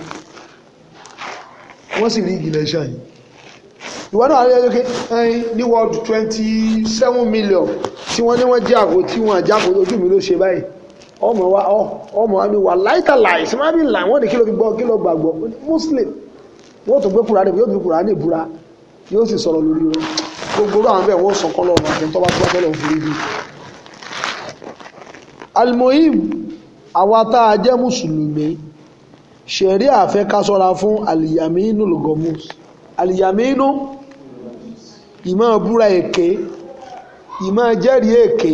wọ́n sì rí ìgbìlẹ̀ iṣẹ́ yìí ìwọ náà rí ẹjọ́ pé ní world twenty seven million tí wọ́n ní wọ́n jẹ́ àgbo tí wọ́n àjàgbó ojú mi ló ṣe báyìí ọmọ wa ọmọ wa ni wà láìta láì sí máa bí là wọ́n ní kí ló fi gbọ́ kí ló gbàgbọ́ muslim wọ́n tó gbé kùránì yóò fi kùránì búra yóò sì sọ̀rọ̀ lórí wọn gbogbo àwọn bẹ́ẹ̀ wọ́n sọ kọ́ lọ́wọ́ àti tọ́ba tó bá fẹ́ lọ́wọ́ fún ibi almohim àwa tá a jẹ́ mùsùlùmí ṣẹ̀rí àfẹ́ ká sọ́ra fún alìyàmínú lọ́gọ́mùs alìyàmínú ìmọ̀ búra èké ìmọ̀ jẹ́rìí èké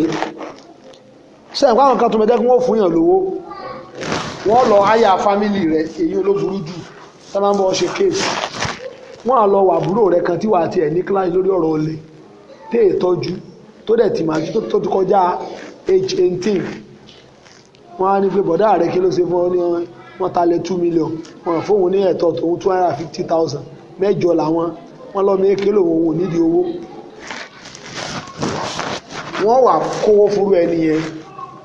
sẹ́yìn pàwọn kan tó mẹ́jẹ́ kí wọ́n fún yàn lówó wọ́n lọ háyà fámìlì rẹ̀ èyí olóburú jù tá máa ń bọ́ ṣe kéèsì wọ́n á lọ wà àbúrò rẹ̀ kan tí wà á tiẹ̀ ní kíláàsì lórí ọ̀rọ̀ olè téè tọ́jú tó dẹ̀ tì tó ti kọjá age wọ́n á ní pé bọ̀dá rẹ̀ kí ló ṣe fún ọ ní wọ́n talẹ̀ two million wọ́n fóun ní ẹ̀tọ́ tòun two hundred and fifty thousand mẹ́jọ làwọn wọ́n lọ́mọ èké lòun ò nídìí owó wọ́n wà kówó fúru ẹni yẹn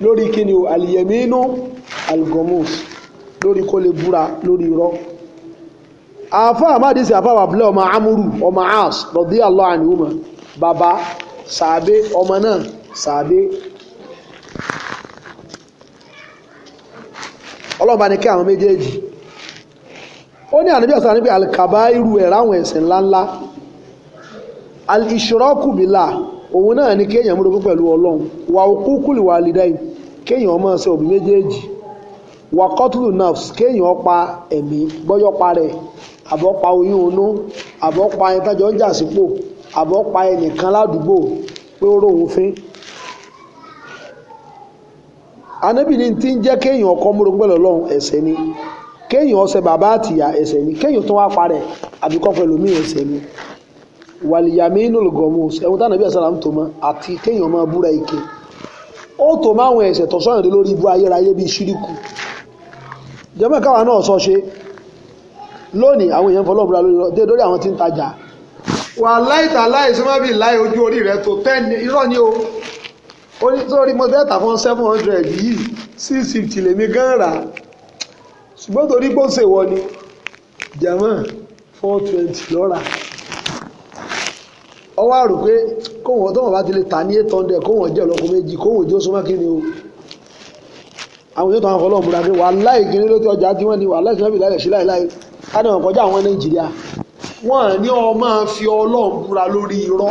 lórí kíni o àlìyẹ̀mí inú algomus lórí kó lè búra lórí irọ́ àfa àmàdìsí àfa wàbílẹ̀ ọmọ amúrù ọmọ as radiyallahu anhuma bàbá sàbẹ ọmọ náà sàbẹ ọlọ́run bá ní kí àwọn méjèèjì ó ní ànábì ọ̀sán níbi àlìkàbá irú ẹ̀ ráwọn ẹ̀sìn ńláńlá al-ishraku billah òun náà ni kéèyàn múlò pín pẹ̀lú ọlọ́run wà huququl walidayn kéèyàn ọmọ ṣe òbí méjèèjì wà qatlu nafs kéèyàn pa ẹ̀mí bọ́yọ́ pa rẹ̀ àbọ̀ oyún onú àbọ̀ pa tájọ́ ń jà sípò àbọ̀ ẹnìkan ládùúgbò pé ó róhun fín anábì ní ti ń jẹ́ kéèyàn ọkọ múrogún pẹ̀lú ọlọ́run ẹ̀ṣẹ̀ ni kéèyàn ọsẹ bàbá àtìyà ẹ̀ṣẹ̀ ni kéèyàn tó wá parẹ̀ àbíkọ́ pẹ̀lú mí ẹ̀ṣẹ̀ ni wàlìyàmí nùlùgọ̀mù ẹ̀wọ̀n tánàbí àsàlám tó mọ́ àti kéèyàn máa búra ike ó tó máwọn ẹ̀ṣẹ̀ tó sọ̀rọ̀ dé lórí ibú ayérayé bíi ṣíríkù jẹ́mọ̀ káwa náà sọ ṣe lónìí àwọn èèyàn fọlọ́bùra dé lórí àwọn tí ń tajà ó ní sórí mo fẹ́ tà fún seven hundred yìí six fifty lèmi gan rà ṣùgbọ́n torí pé ó ṣe wọ ni jama four twenty lọ́ra ọwọ́ àrò pé kóhùn tó wọn bá ti lè tà ní eight hundred kóhùn jẹ́ ọlọ́kọ méjì kóhùn jẹ́ oṣù mákìrì o àwọn yóò tó àwọn fọlọ́ọ̀ múra pé wàláì kiri ló ti ọjà tí wọ́n ní wàláì kiri lọ́bì láìlẹ̀ sí láìláì á ní wọn kọjá àwọn Nàìjíríà wọ́n ní ọmọ fi Ọlọ́run múra lórí irọ́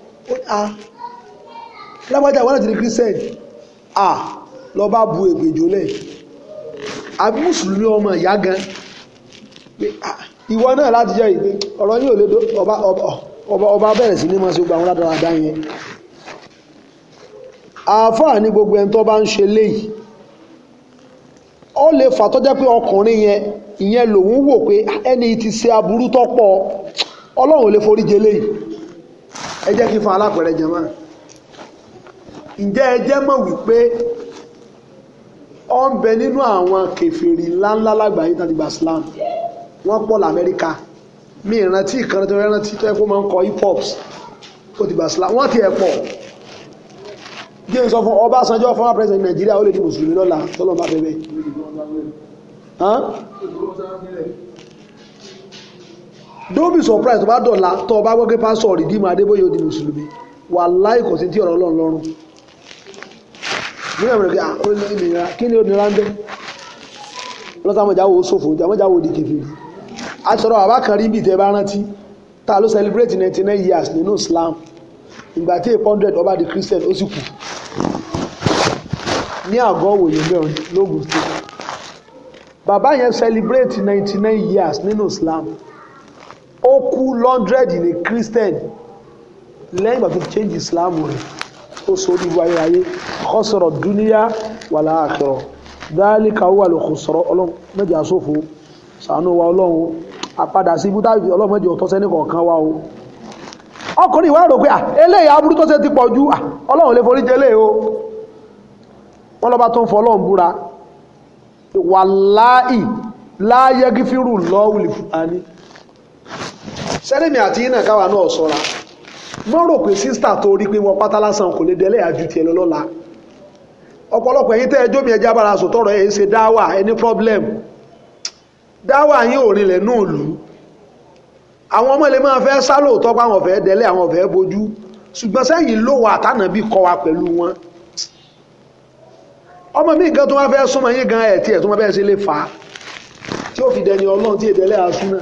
lágbájá ìwádìí ti di christian à lọ bá bu ègbèjò lẹ̀ àbí mùsùlùmí ọmọ ìyá gan ìwọ náà láti jẹ́ ìgbé ọ̀rọ̀ yóò lédo ọba bẹ̀rẹ̀ sí ní máa ṣe gbàwọn ládàradà yẹn àáfàá ní gbogbo ẹni tó bá ń ṣe léyìí ó lè fà tó jẹ́ pé ọkùnrin yẹn ìyẹn lòun wò pé ẹni tí ṣe aburú tó pọ̀ ọlọ́run lè forí jẹ léyìí ẹ jẹ́ kí n fa alápẹ̀rẹ̀ jẹ máa ǹjẹ́ ẹ jẹ́ mọ̀ wípé ọ ń bẹ nínú àwọn kèfèrí ńláńlá lágbàáyé tàbí gba wọ́n pọ̀ l'Amẹ́ríkà mi ìrántí ìkànnì tó rántí tó yẹ kó máa ń kọ hip hop ó ti gba Islam wọ́n ti ẹ̀ pọ̀ jẹ́ sọ fún Ọbásanjọ́ former president Nàìjíríà ó lè di mùsùlùmí lọ́la tọ́lọ́ bá bẹ́ẹ̀ don't be surprised tó bá dọ̀la gbọ́ pé pásọ̀ rìdíìmù adébóyè òdì mùsùlùmí wà láì kò sí tí ọ̀rọ̀ ọlọ́run lọ́rùn nígbà mìíràn kí ó ní kí ni ó nira ń bẹ́ a sọ̀rọ̀ àbá kan rí tẹ́ ta ló celebrate ninety years nínú Islam ìgbà tí eight hundred ọba Christian ó sì kù ní àgọ́ òwòye mẹ́rin lóògùn state bàbá celebrate ninety years nínú Islam. ó kú lọ́ndrẹ́dì ní christian lẹ́yìn ìgbà change islam rẹ̀ ó sọ ní wáyé ayé kọ́sọ̀rọ̀ dúníyà wà láàkìrọ̀ dáálíkà ó wà ló kò sọ̀rọ̀ ọlọ́run mẹ́jọ àsòfò sànú wa ọlọ́run àpadà sí ibú tábìlì ọlọ́run mẹ́jọ ọ̀tọ́ sẹ́ni kọ̀ọ̀kan wa o ọkùnrin ìwà rò pé à eléyìí aburú tó ṣe ti pọ̀ ju ọlọ́run lè forí jẹ́lé o wọ́n lọ́ba tó ń fọ ọlọ́run búra wàláì láyé gífírù lọ́wùlì fúnani sẹ́rẹ̀mì àti yín náà káwa náà sọ́ra wọ́n rò pé sísítà tó rí pé wọ́n pátá lásán kò lè délé àjù tiẹ̀ lọ lọ́la ọ̀pọ̀lọpọ̀ ẹ̀yin tẹ́ ẹjọ́ mi ẹja bára sọ tọrọ ẹ̀ ṣe dáwà ẹni problem dáwà yín ò rinlẹ̀ náà lù ú àwọn ọmọ ilé máa fẹ́ sálòótọ́ pé àwọn ọ̀fẹ́ délé àwọn ọ̀fẹ́ bójú ṣùgbọ́n sẹ́yìn lówó àtànàbí kọ wa pẹ̀lú wọn ọmọ mi gan tó wá fẹ́ súnmọ́ yín gan ẹ̀ tiẹ̀ tó wá fẹ́ ṣe lè fà á tí ó fi dẹni ọlọ́run tí èdè lẹ́yà súnmọ́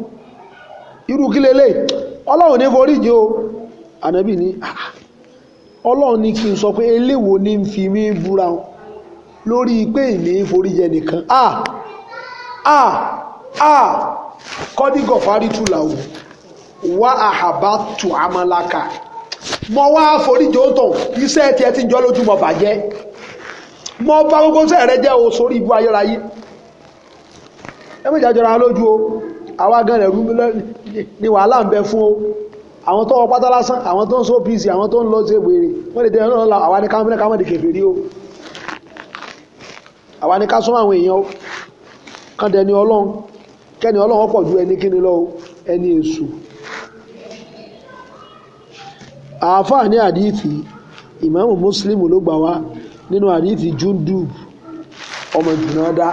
irú kí lélẹ̀ ọlọ́run ní o ànábì ní ah, ah. ọlọ́run n sọ pé ní ń fi mí búra lórí pé a a a kọ́dígọ̀ fárítù làwọ̀ wá àhàbá amalaka mo wá forí ó tàn iṣẹ́ tiẹ̀ ti ń jọ́ bàjẹ́ mo bá gbogbo o sórí ibú ayérayé ni wàhálà ń bẹ fún o àwọn tó ọpátá lásán àwọn tó ń so pc àwọn tó ń lọ sí ègbèrè wọ́n lè dẹ̀ náà lọ àwa ní kámẹ́rẹ́ kámẹ́rẹ́ kèfèrí o àwa ní ká súnmọ́ àwọn èèyàn o kán dẹni ọlọ́run kẹ́ni ọlọ́run pọ̀ ju ẹni kíni lọ ẹni èṣù àáfàá ní àdíìtì ìmáàmù Muslim ló gbà wá nínú àdíìtì Jundub ọmọ Jùnádá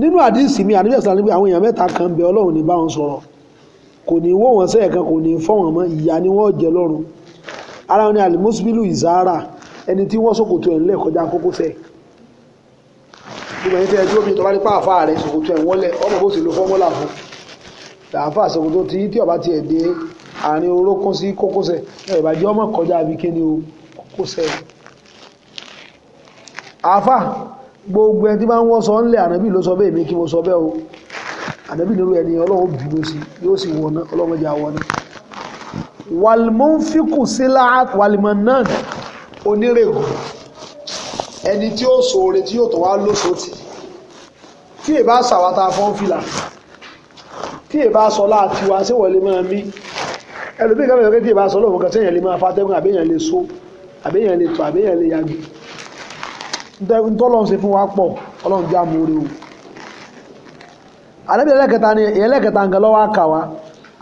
nínú àdísì mi àníbẹ̀ sọ̀rọ̀ níbi àwọn èèyàn mẹ́ta kan bẹ ọlọ́run ní bá wọn sọ̀rọ̀ kò ní wó wọn sẹ́yẹ̀ kan kò ní fọ́ wọn mọ́ ìyà ni wọ́n jẹ lọ́run ara wọn ni alimusbilu izara ẹni tí wọ́n ṣòkòtò ẹ̀ ńlẹ̀ kọjá kókósẹ̀ ìgbà yìí tẹ́ ẹ tí ó bí tọ́lá nípa àfa rẹ̀ ṣòkòtò ẹ̀ wọ́lẹ̀ ọmọ bó sì lo fọ́mọ́là fún àfa ṣòkòtò tí tí ọba tiẹ̀ dé àárín orókún sí kókósẹ̀ ẹ̀ ìbàjẹ́ ọmọ kọjá àbíkéni o kókósẹ̀ àfa gbogbo ẹni tí bá ń wọ́n sọ ńlẹ̀ ànábì ló sọ bẹ́ẹ̀ mi kí mo sọ bẹ́ẹ̀ o ànábì nírú ẹni ọlọ́run bínú sí yóò sì wọná ọlọ́run jà wọná wàlmọ́nfíkù sílá wàlmọ́nán onírègù ẹni tí ó ṣoore tí yóò tó wá lóṣo tì tí è bá ṣàwátà fọ́n fìlà tí è bá sọ láti wá sí wọlé máa mí ẹlòmíì mẹ́rin tí è bá sọ lọ́wọ́ kan tí èèyàn lè máa fatẹ́gùn àbẹ́yàn lè so àbẹ́yàn lè tọ̀ àbẹ́yàn lè yàgbé ntọ́lọ́run ṣe fún wa pọ̀ ọlọ́run já mi orí o ànábì ẹlẹ́kẹta ni ẹlẹ́kẹta nǹkan lọ́wọ́ àkàwá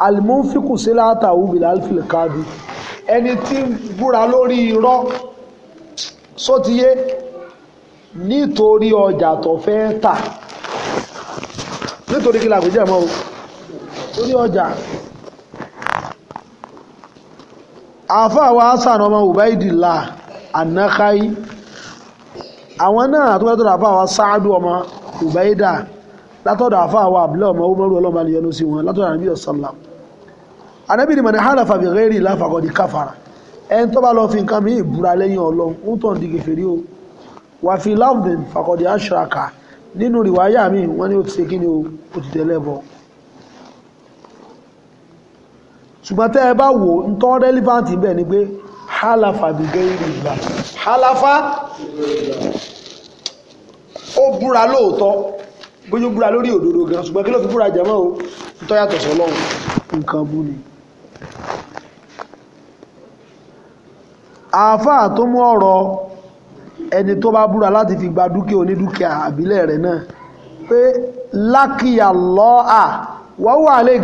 alimunfiku síláàtà ubìlà alfilkadi ẹni tí ń búra lórí irọ́ sótiyé nítorí ọjà tó fẹ́ tà nítorí kí làgbéjẹ́ mọ́ o torí ọjà àfáà wa sànà ọmọ ubaidillah anakai àwọn náà tó fẹ́tọ̀dọ̀ àfà wa sáádù ọmọ Ubaida látọ̀dọ̀ àfà wa àbúlẹ̀ ọmọ Umaru ọlọ́mọ aliyanu sí wọn látọ̀dọ̀ ànábì ọ̀sánlá ànábì ni mọ̀nà halafa bi ghairi Allah faqad kafara ẹni tó bá lọ fi nǹkan mìíràn búra lẹ́yìn Ọlọ́run ń tàn di kèfèrí o wà fi láwùdìn faqad ni ó ti tẹ́lẹ̀ bọ́ ṣùgbọ́n tẹ́ ẹ bá ń tọ́ halafa bìgẹ́rì ìlà halafa ó búra lóòótọ́ bóyá búra lórí òdodo gan ṣùgbọ́n kí ló fi búra jẹ́mọ́ o tọ́yàtọ̀ sọlọ́run nǹkan bú ni àáfáà tó mú ọ̀rọ̀ ẹni tó bá búra láti fi gba dúkìá onídúkìá àbílẹ̀ rẹ̀ náà pé lákìyà lọ́à wọ́n wà lè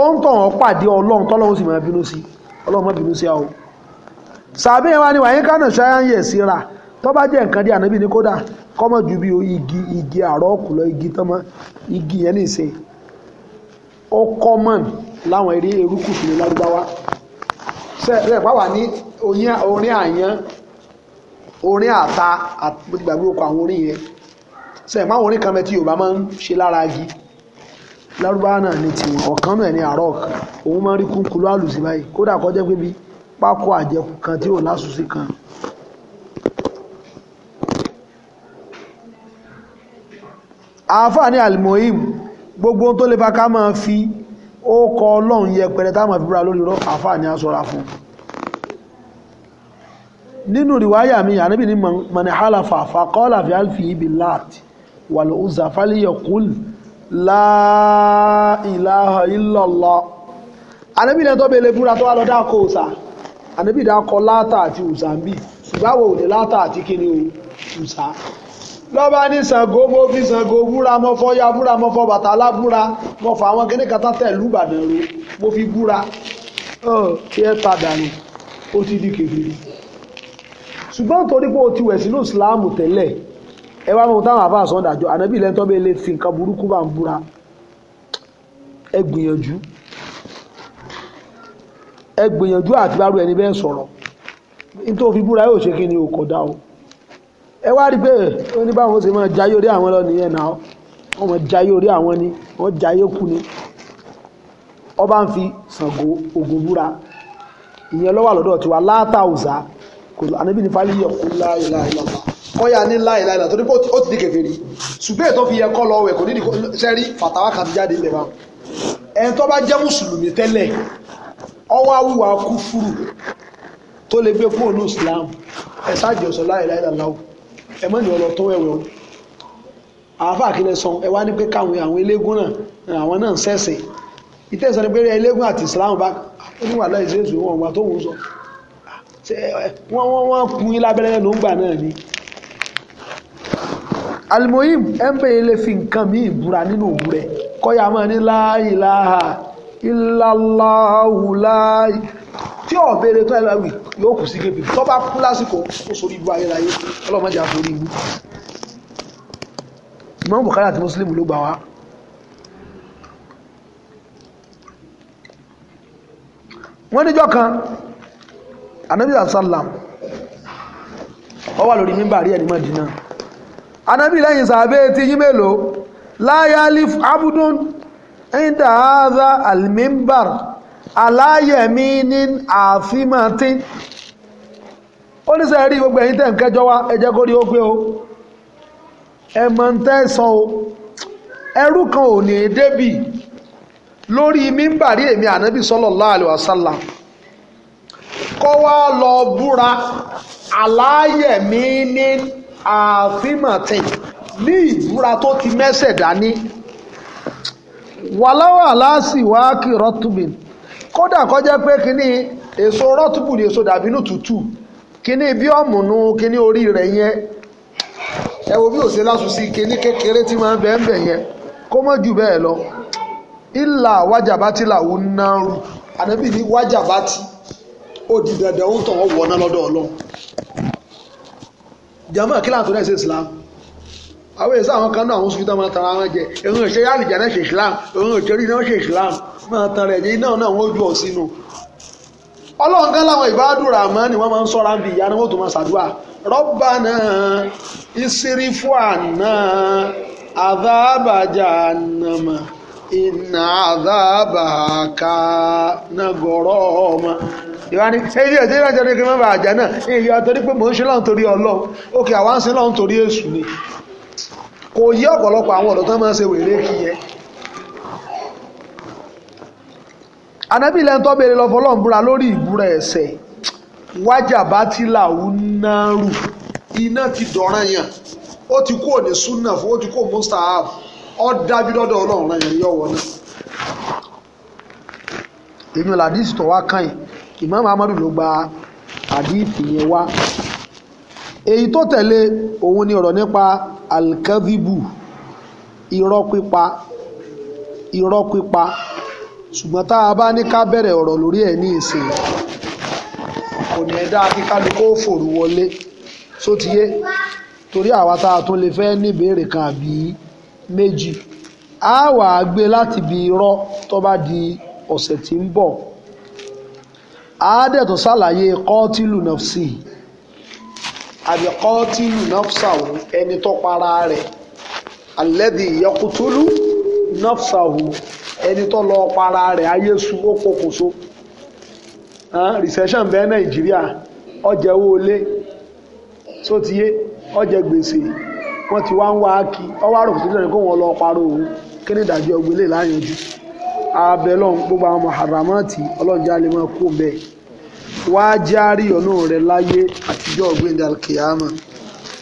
ó ń tọ̀wọ́n pàdé ọlọ́run tọ́lọ́run sì máa bínú sí i ọlọ́mọ bínú sí àwọn sàbí yẹn wá ní wàyí kánà ṣáyà ń yẹ̀ síra tó bá jẹ́ nǹkan dí ànábì ní kódà kọ́mọ ju bí igi igi àrọ́ ọ̀kùlọ igi tọ́mọ igi yẹn nìṣe ó kọ́mọ̀n láwọn eré erékùsù lárúbáwá sẹ́ẹ̀ pàwà ní orin àyán orin àta àti gbàgbé okò àwọn orin yẹn sẹ́ẹ̀ pàwọn orin kan mẹ́ Yorùbá máa ń ṣe lára igi lárúbáwá náà ní tiwọn ọ̀kan náà ní arok òun máa ń rí kúnkún lálù sí báyìí kódà kó jẹ́ pé bí pákó àjẹkù kan tí ò lásùsí kan. àáfàá ní alimohim gbogbo tó lè fa ká máa fi ó ọlọ́run yẹpẹrẹ táwọn fi búra lórí rọ àáfàá ní aṣọra fún nínú ríwáyà mi ànábì ní mọ̀nìhálàfà fàkọ́lá fi alfi ibi láti wàlúùzà fálíyọ̀kúlù láìláha ìlọ́lọ́ ànábì náà tó bèèrè búra tó wà lọ dákọ òsà ànábì dákọ látà àti òsà ń bì látà àti kíni òsà lọ́ba ní Ṣàngó mo fi Ṣàngó búra mo fọ́ ya búra mo fọ́ Bàtálá búra mo fọ́ àwọn kíní kan tẹ̀lú Ìbàdàn ro mo fi búra kí ẹ padà nù ó ti di kèfèrè ṣùgbọ́n torí pé o ti wẹ̀ sínú ìsìláàmù tẹ́lẹ̀ ẹ wá mọ̀ táwọn àbá àsọ̀dà jọ ànábì lẹ́ńtọ́ bẹ́ẹ̀ lè fi nǹkan burúkú bá ń búra ẹ gbìyànjú ẹ gbìyànjú àti bá rú ẹni bẹ́ẹ̀ sọ̀rọ̀ nítorí fi búra yóò ṣe kí ni òkò dá o ẹ wá rí pé ó ní báwọn ṣe máa jayé orí àwọn lọ nìyẹn náà wọ́n máa jayé orí àwọn ni wọ́n jayé kú ni ọba ń fi Ṣàngó Ògún búra ìyẹn ló wà tiwa látàùzà kò ànábì ní fálíyọ̀ kó láyé láyé lọ́wọ́ kọ́yà ní láìláìlà torí pé ó ti di kèfèrí ṣùgbọ́n ètò fi yẹ kọ́ lọ wẹ̀ kò nídìí sẹ́rí fàtàwà kan jáde ilẹ̀ báwọn ẹni tó bá jẹ́ mùsùlùmí tẹ́lẹ̀ ọwọ́ awúwa kúfúrù tó lè gbé kúrò ní islam ẹ ṣáàjì ọ̀sán láìláìlà láwù ẹ mọ́ ní ọlọ tó wẹ̀wẹ̀ o àáfàá kí lẹ sọ ẹ wá ní pé káwọn àwọn eléégún náà àwọn náà ń sẹ̀sìn ni pé eléégún àti islam bá oníwà láì sí èso wọn wà tó wù ú sọ wọ́n wọ́n kun yín lábẹ́rẹ́ ló ń gbà náà ni alimoyim ẹnbẹ yìí lè fi nǹkan mi ìbúra nínú òwú rẹ kọyà máa ní láàyè láha ìlàláhù láàyè tí ò béèrè tó ẹlẹ wì yóò kù sí kébì tó bá kú lásìkò ó sórí ibu ayérayé ọlọmọdé àforí ibu Imam Bukhari àti Muslim ló gbà wá. wọ́n níjọ́ kan anabi sallam ó lórí mímbà rí ẹni mọ́ Anabi lẹ́yìn sàbẹ́ ti yín mélòó láyálif abudun ẹ̀ńdà áza alimimbar aláyẹ̀mí ní àfimàtí ó ní sẹ́ẹ̀ rí gbogbo ẹ̀yin tẹ̀ ń kẹjọ wá ẹ jẹ́ kó rí ó pé o ẹ mọ̀ ń tẹ́ sọ o ẹrú kan ò ní débì lórí mímbàrí èmi ànábì sallallahu alaihi wasallam kọ́ wá lọ búra aláyẹ̀mí ní àfimọ̀tì ní ìbúra tó ti mẹ́sẹ̀ dání wàláwà aláàsì wá kí rọ́tùbìn kódà kọjá pé kíní èso rọ́tùbù ni èso dàbínú tútù kíní bí ọ̀mùnú kíní orí rẹ̀ yẹn ẹ wo bí òsè lásù sí kíní kékeré tí máa ń bẹ̀ ń bẹ̀ yẹn kó mọ̀ jù bẹ́ẹ̀ lọ ìlà wájàbátì làwọn náà rù ànábì ní wájàbátì ó di dandan ó ń wọ̀ lọ́dọ̀ ọlọ́run jama kí láàtọ̀ ẹ̀sìn islam àwọn èsì àwọn kan náà àwọn sùfìtà máa tara wọn jẹ èwọn ò ṣe yá àlìjà náà islam èwọn ò ṣe rí náà ṣe islam máa tara je. iná náà wọ́n jù ọ́ sínú. ọlọ́run kan láwọn ìbádùn rahman ni wọ́n máa ń sọ́ra bí ìyá ni wọ́n tó máa ṣàdúrà rabbana isrifu anna adhaba jahannama inna adhabaha kana ìwà ni ṣé ilé ẹ̀jẹ̀ ìrìnàjò ni kí n má bàa jà náà ìyá torí pé mò ń ṣe lọ́run torí ọlọ́run òkè àwa ń ṣe lọ́run torí èṣù ni kò yí ọ̀pọ̀lọpọ̀ àwọn ọ̀dọ́ tó máa ń ṣe wèrè kí yẹ anábì lẹ́nu tó béèrè lọ fọlọ́run búra lórí ìbúra ẹ̀ṣẹ̀ wájà bá ti làwù náà rù iná ti dọ̀ràn yàn ó ti kú òní súnà fún ó ti kú mustahab ó dájú lọ́dọ̀ ọlọ́run rẹ̀ yọ̀wọ̀ náà èmi làdí ìsìtọ̀ wá kàn yìí Imam Ahmadu ló gba àdíìtì yẹn wá èyí tó tẹ̀lé òun ni ọ̀rọ̀ nípa alkavibu irọ́ pípa irọ́ pípa ṣùgbọ́n tá a bá ní ká bẹ̀rẹ̀ ọ̀rọ̀ lórí ẹ̀ ní ìsìn kò ní ẹ̀dá kíkálukú ó wọlé sótìyé torí àwa tá a tún lè fẹ́ níbèrè kan àbí méjì a wà á gbé láti bí irọ́ tó bá di ọ̀sẹ̀ tí ń bọ̀ àádẹ́tò ṣàlàyé kọ́tìlù nọ́fsì àbí kọ́tìlù nọ́fsàwù ẹni tó para rẹ̀ alẹ́dì yọkùtúlù nọ́fsàwù ẹni tó lọ para rẹ̀ ayé sun ó pokùnso recession bẹ́ẹ̀ nàìjíríà ọjà owó lé sótìyé ọjà gbèsè wọ́n ti wá ń wá kí ọwọ́ àròkùtù lẹ́nu kó wọ́n lọ parọ́ òun kí ni ìdájọ́ gbélé láyanjú. abẹ́lọ́n gbogbo àwọn haramati ọlọ́njẹ́ alẹ́ máa bẹ́ẹ̀ wá járí ọ̀nà rẹ̀ láyé àtijọ́ ọ̀gbìn dalkiyama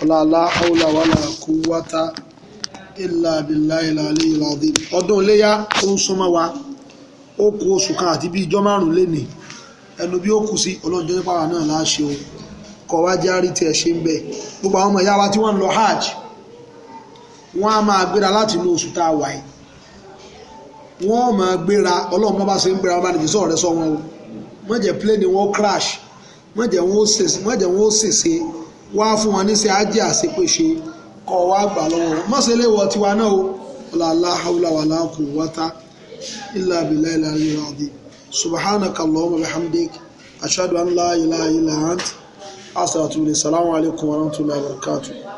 ọ̀làlá haúlà wàlà kú wátá ọdún iléyà wa ó oṣù kan àti bí ijọ́ márùn lẹ́nì ẹnu bí ó kù sí ọlọ́njẹ́ náà láṣẹ o kọ̀ ọmọ ìyá wa lọ hajj wọ́n á máa gbéra láti inú oṣù tá wọ́n ma gbera ọlọ́run má bá se gbera ọba wọn bá nìyí sọ̀rọ̀ rẹ sọ wọn o má jẹ́ plane wọn crash má jẹ́ wọn ó wá fún wọn ní ṣe ajé àṣepéṣe kọ́ wá gbà lọ́wọ́ wọn má ṣe léwọ́ tiwa náà o wàlá kò ilà abilà ilà la ilaha illa ant